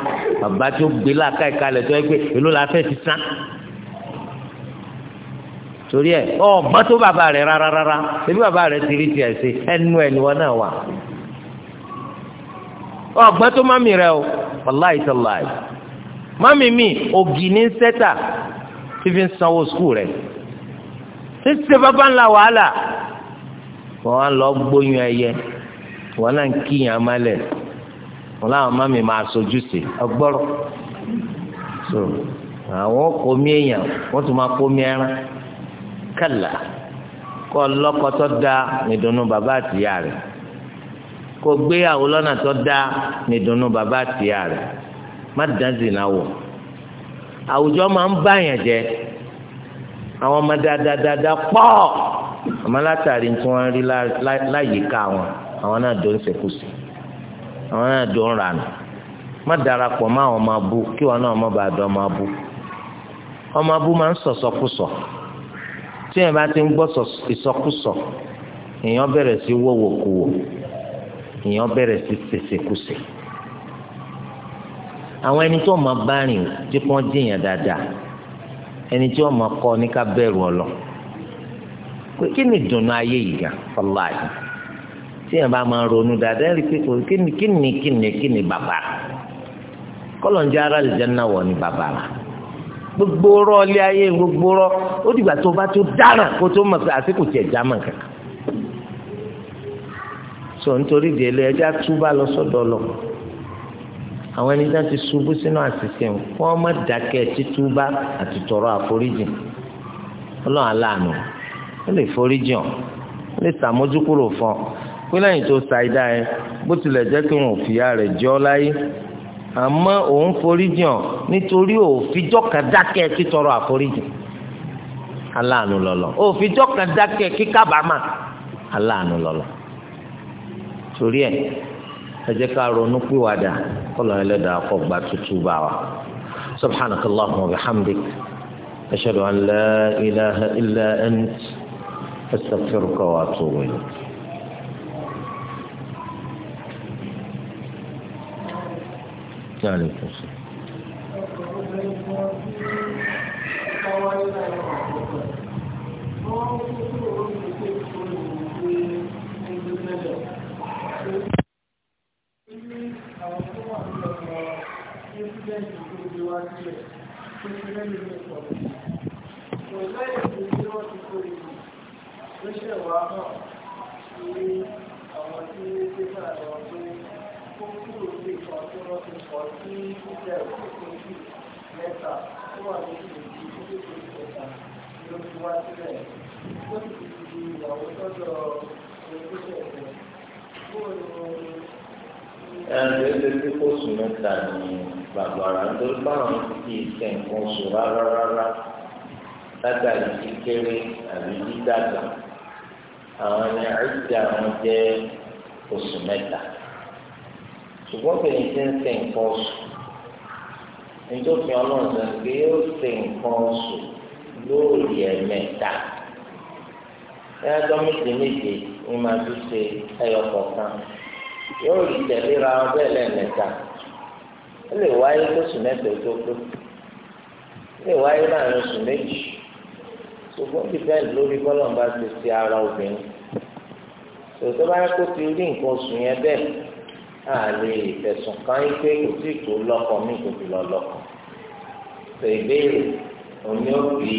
bàbá tó gbé làákà ìkàlẹ̀ tó yẹ pé èló la fẹ́ ti sán torí ẹ ọ bá tó bàbá rẹ̀ rárá rárá ebi bàbá rẹ̀ ti rí tiẹ̀ sí ẹnu ẹ̀ ni wọn náà wà ọ gbọ́n tó má mi rẹ o wàláì tó láì má mi mi ògì ní sẹ́tà tí fi ń sanwó skul rẹ̀ ń ṣe bàbá ńlá wàhálà wọn á lọ gbóyún ẹyẹ wọn náà ń kíyàn amálẹ wọn láwọn má mi máa sojú sí ọgbọrọ so àwọn kò mí èèyàn wọn tún máa kó mí ẹran kàlà kọ lọkọ tó da nìdùnnú bàbá àtìyá rẹ kò gbéyàwó lọ́nà tó da nìdùnnú bàbá àtìyá rẹ má dán zìnnà wọ àwùjọ máa ń báyàn jẹ àwọn ọmọ dáadáa pọ̀ àmọ́ látàrí tí wọ́n rí láyìíká wọn àwọn náà dó ń ṣekúṣe àwọn náà dó ń ranù má darapọ̀ má àwọn ọmọ abú kí wọn náà má bàa dọ́ ọmọ abú ọmọ abú máa ń sọ̀sọ̀kúsọ̀ tí èèyàn bá ti ń gbọ́ ìsọkúsọ̀ èèyàn bẹ̀rẹ̀ sí wọ́wọ́kuwọ́ èèyàn bẹ̀rẹ̀ sí ṣèṣekúṣe àwọn ẹni tó máa bá rìn tí wọ́n jìyàn dáadáa ẹni tí wọn máa kọ ní ká bẹ̀rù ọlọ pé kí ni ìdùnnú ayé yìí gan fọláàyè tí yẹn bá máa ronú dáadáa rí pé kí ni kí ni kí ni kí ni bàbá kọlọ̀ ń jẹ́ ara lè jẹ́ náwọ̀ ní bàbá rà gbogbo rọ ilé ayé gbogbo rọ ó dìgbà tó bá tó dáràn kó tó mọ̀ pé àsìkò tiẹ̀ já mọ̀ kankan sọ nítorí délé ẹjá túbà lọ sọ́dọ̀ ọlọ́pàá àwọn ẹni tí wọ́n ti ṣubú sínú àṣìṣe fún ọmọ dákẹ́ títúbá àti tọrọ àforíjìn ọlọ́run aláàánú ó lè foríjìn ó lè sàmójúkúrò fún ọ pé lẹ́yìn tó sa idá ẹ bó tilẹ̀ jẹ́ kí wọn ò fìyà rẹ̀ jẹ ọ́ láyé àmọ́ òun foríjìn ọ nítorí òfijọ́ kan dákẹ́ títọrọ àforíjìn aláàánú lọ́lọ́ òfijọ́ kan dákẹ́ kíkábàámà aláàánú lọ́lọ́ torí ẹ̀ ẹjẹ ká ronú pé dà kọ́lọ́ ẹlẹ́dàá kọ́ gba tútù bá wa subhanakallahumma wa bihamdik ashhadu an la ilaha illa ant astaghfiruka wa atubu ilayk. Thank you. àwọn tó wà ní ọ̀pọ̀ pírẹsidẹ́ntì tó gbé wá sílẹ̀ pírẹsidẹ́ntì ní ìpọ̀lẹ̀ kò lẹ́yìn tó gbé wọ́n ti kó ìlú tó ṣẹ̀ wá náà sí àwọn tí ó gbé náà lọ pé ó kúrò sí ìkan tí wọ́n ti pọ̀ sí ìpínlẹ̀ òkèkèjì mẹ́ta tó wà ní ìlú òkèkèjì mẹ́ta ló fi wá sílẹ̀ ó sì ti di ìyàwó sọ́dọ̀ ẹgbẹ́ ẹ̀fẹ́ ẹnlẹ lè fi kóòsù mẹ́ta ní bàbàrà nítorí báwọn ti ṣe nǹkan oṣù rárá rárá látàrí kékeré àbí dídàgbà àwọn ni àìsí àwọn jẹ oṣù mẹ́ta ṣùgbọ́n kìí ṣe ń ṣe nǹkan oṣù nítorí ọlọ́run sọ pé yóò ṣe nǹkan oṣù lórí ẹ̀mẹ́ta ẹ̀yà tó méje méje ni màá tún ṣe ẹyọ kọ̀ọ̀kan yóò lulẹ̀ léra wọn bẹ́ẹ̀ lẹ́ẹ̀mẹ́ta ó lè wáyé lóṣù mẹ́ta tó pé ó lè wáyé láàrin oṣù méjì ṣùgbọ́n dìbẹ́ǹdì lórí bọ́lọ̀ bá ti ti ara obìnrin tòótọ́ bá yẹ kó ti rí nǹkan oṣù yẹn bẹ́ẹ̀ á lè fẹ̀sùn kàn yín pé kò tí kò lọ́kọ̀ mí kò ti lọ lọ́kọ̀ tó ìbéèrè òní òbí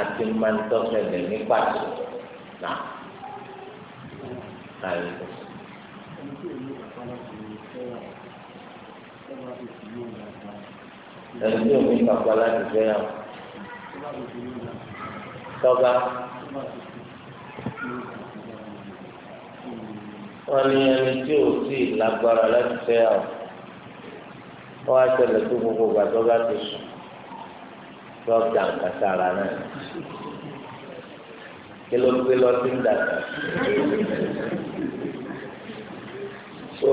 àti mantọ́sẹ̀lẹ̀ ní pàtó náà. ẹlòmíì ò ní kápá láti fẹ́ yàn tọ́ba wọ́n ní ẹni tí ò sí lágbára láti fẹ́ yàn wọ́n á tẹ̀lé tó gbogbo ìgbà tọ́ba ti sùn lọ́ọ̀dà nǹkan ara náà kí ló sí ń dàgbà so.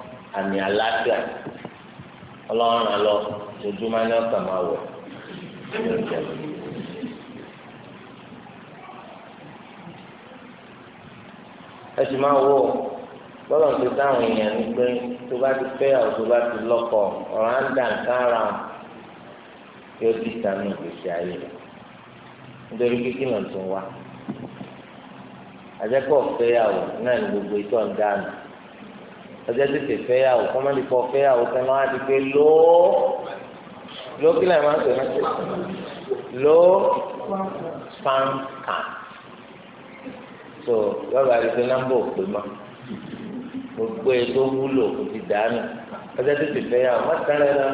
àmì àlàáfíà ọlọ́run àlọ́ ojoojúmọ́ ní ọ̀sán máa wọ̀ ẹ sì máa wọ̀ bọ́lọ̀ ti dáhùn èèyàn ní pé tó bá ti fẹ́ ọ̀ tó bá ti lọ́kọ̀ ọ̀rọ̀ á ń dà nǹkan ara yóò di sàmì ìgbésí ayé rẹ̀ nítorí kíkí náà tún wá àjẹpọ̀ fẹ́yàwó náà ní gbogbo ìtọ́ ń dáhùn ọjọ́ tètè fẹ́yàwó o máa lè kọ́ fẹ́yàwó kẹ́ máa di pé lóó lóó kí láì máa ń pè náà lóó pàǹkà so yọba àdìsẹ́ o òpè mọ́ gbogbo ẹ̀ tó wúlò kò ti dànù ọjọ́ tètè fẹ́yàwó má tán lẹ́nu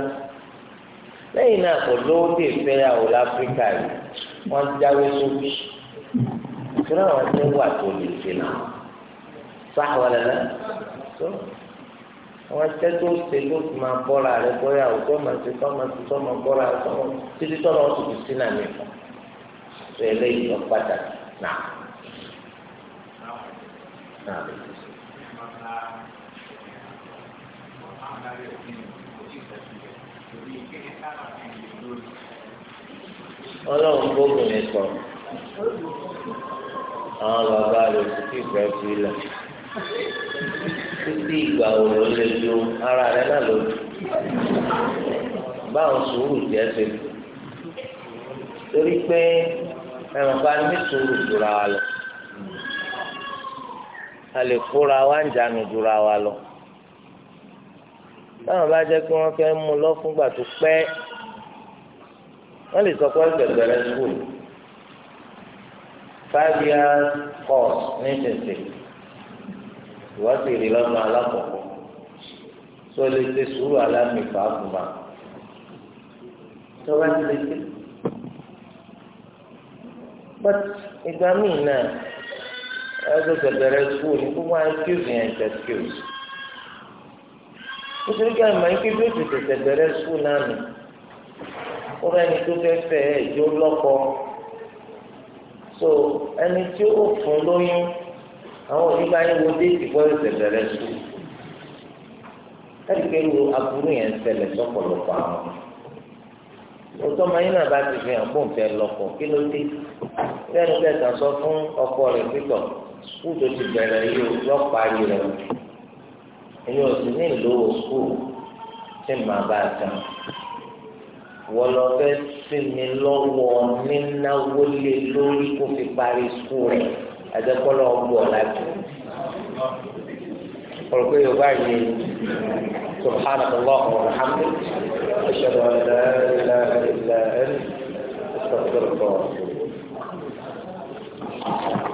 lẹ́yìn náà kò lóó tè fẹ́yàwó láfíríkà yìí wọ́n jáwé sóbì ìṣúná àwọn tẹ́ wà tó lè ṣe náà sáà wọlé náà tó àwọn ẹsẹ tó ṣe ló fi máa bọ́ra rẹ bóyá òjò máa ṣe tó máa ṣe tó máa bọ́ra rẹ tó máa títí tó lọ́wọ́ tó sí náà nìkan tó eléyìí lọ pàtàkì náà. ọlọ́run gbógun ní sọ àwọn bàbá rẹ̀ sì ti gbẹ́ sílẹ̀ títí ìgbà wo ló lè ju ara rẹ náà lò báwọn sùúrù jẹ ṣe torí pé ẹ̀wọ̀n bá ní sùúrù jura wa lọ a lè kóra wa ń jánu jura wa lọ báwọn bá jẹ́ pé wọ́n fẹ́ mú lọ fúngbà tó pẹ́ wọ́n lè sọ pé gbẹgbẹrẹ school five years course ní tẹ̀sẹ̀ ìwà sì rí lọ́nà alákọ̀ọ́kọ́ tó lè ṣe sùúrù alámì fàákùmá tó bá ti lè ṣe. but ìgbà míì náà ẹgbẹ́ bẹ̀rẹ̀ sùúrù ní gbogbo àwọn excuse yẹn ṣe excuse. nítorí kí àmọ́ ike bí ó ti tẹ̀tẹ̀ sùúrù náà nù ó rẹ́ ni tó fẹ́ fẹ́ ẹ̀jọ́ lọ́kọ so ẹni tí ó fún lóyún àwọn onígbà yẹn wo déètì bọ́ọ̀lù tẹ̀lẹ̀rẹ̀ sùn láti pé wo aburú yẹn ṣẹlẹ̀ sọ́pọ̀lọpọ̀ àwọn òtọ́ máa yín náà bá ti fi hàn fóun fẹ́ lọ́kọ̀ kí ló dé sẹ́nu kẹta sọ fún ọkọ rẹ̀ pítọ̀ skul tó ti bẹ̀rẹ̀ yóò yọ parí rẹ̀ èmi ò sì ní ìlówó skul tí màá bá a tán fẹ́ sí lọ́wọ́ nínáwó lé lórí kó fi parí skul rẹ̀ àjẹkọlọ ọgbọ ọlájú ọ̀rọ̀ pé yorùbá yìí سبحانك اللهم وبحمدك أشهد أن لا إله إلا أنت استغفرك واتوب إليك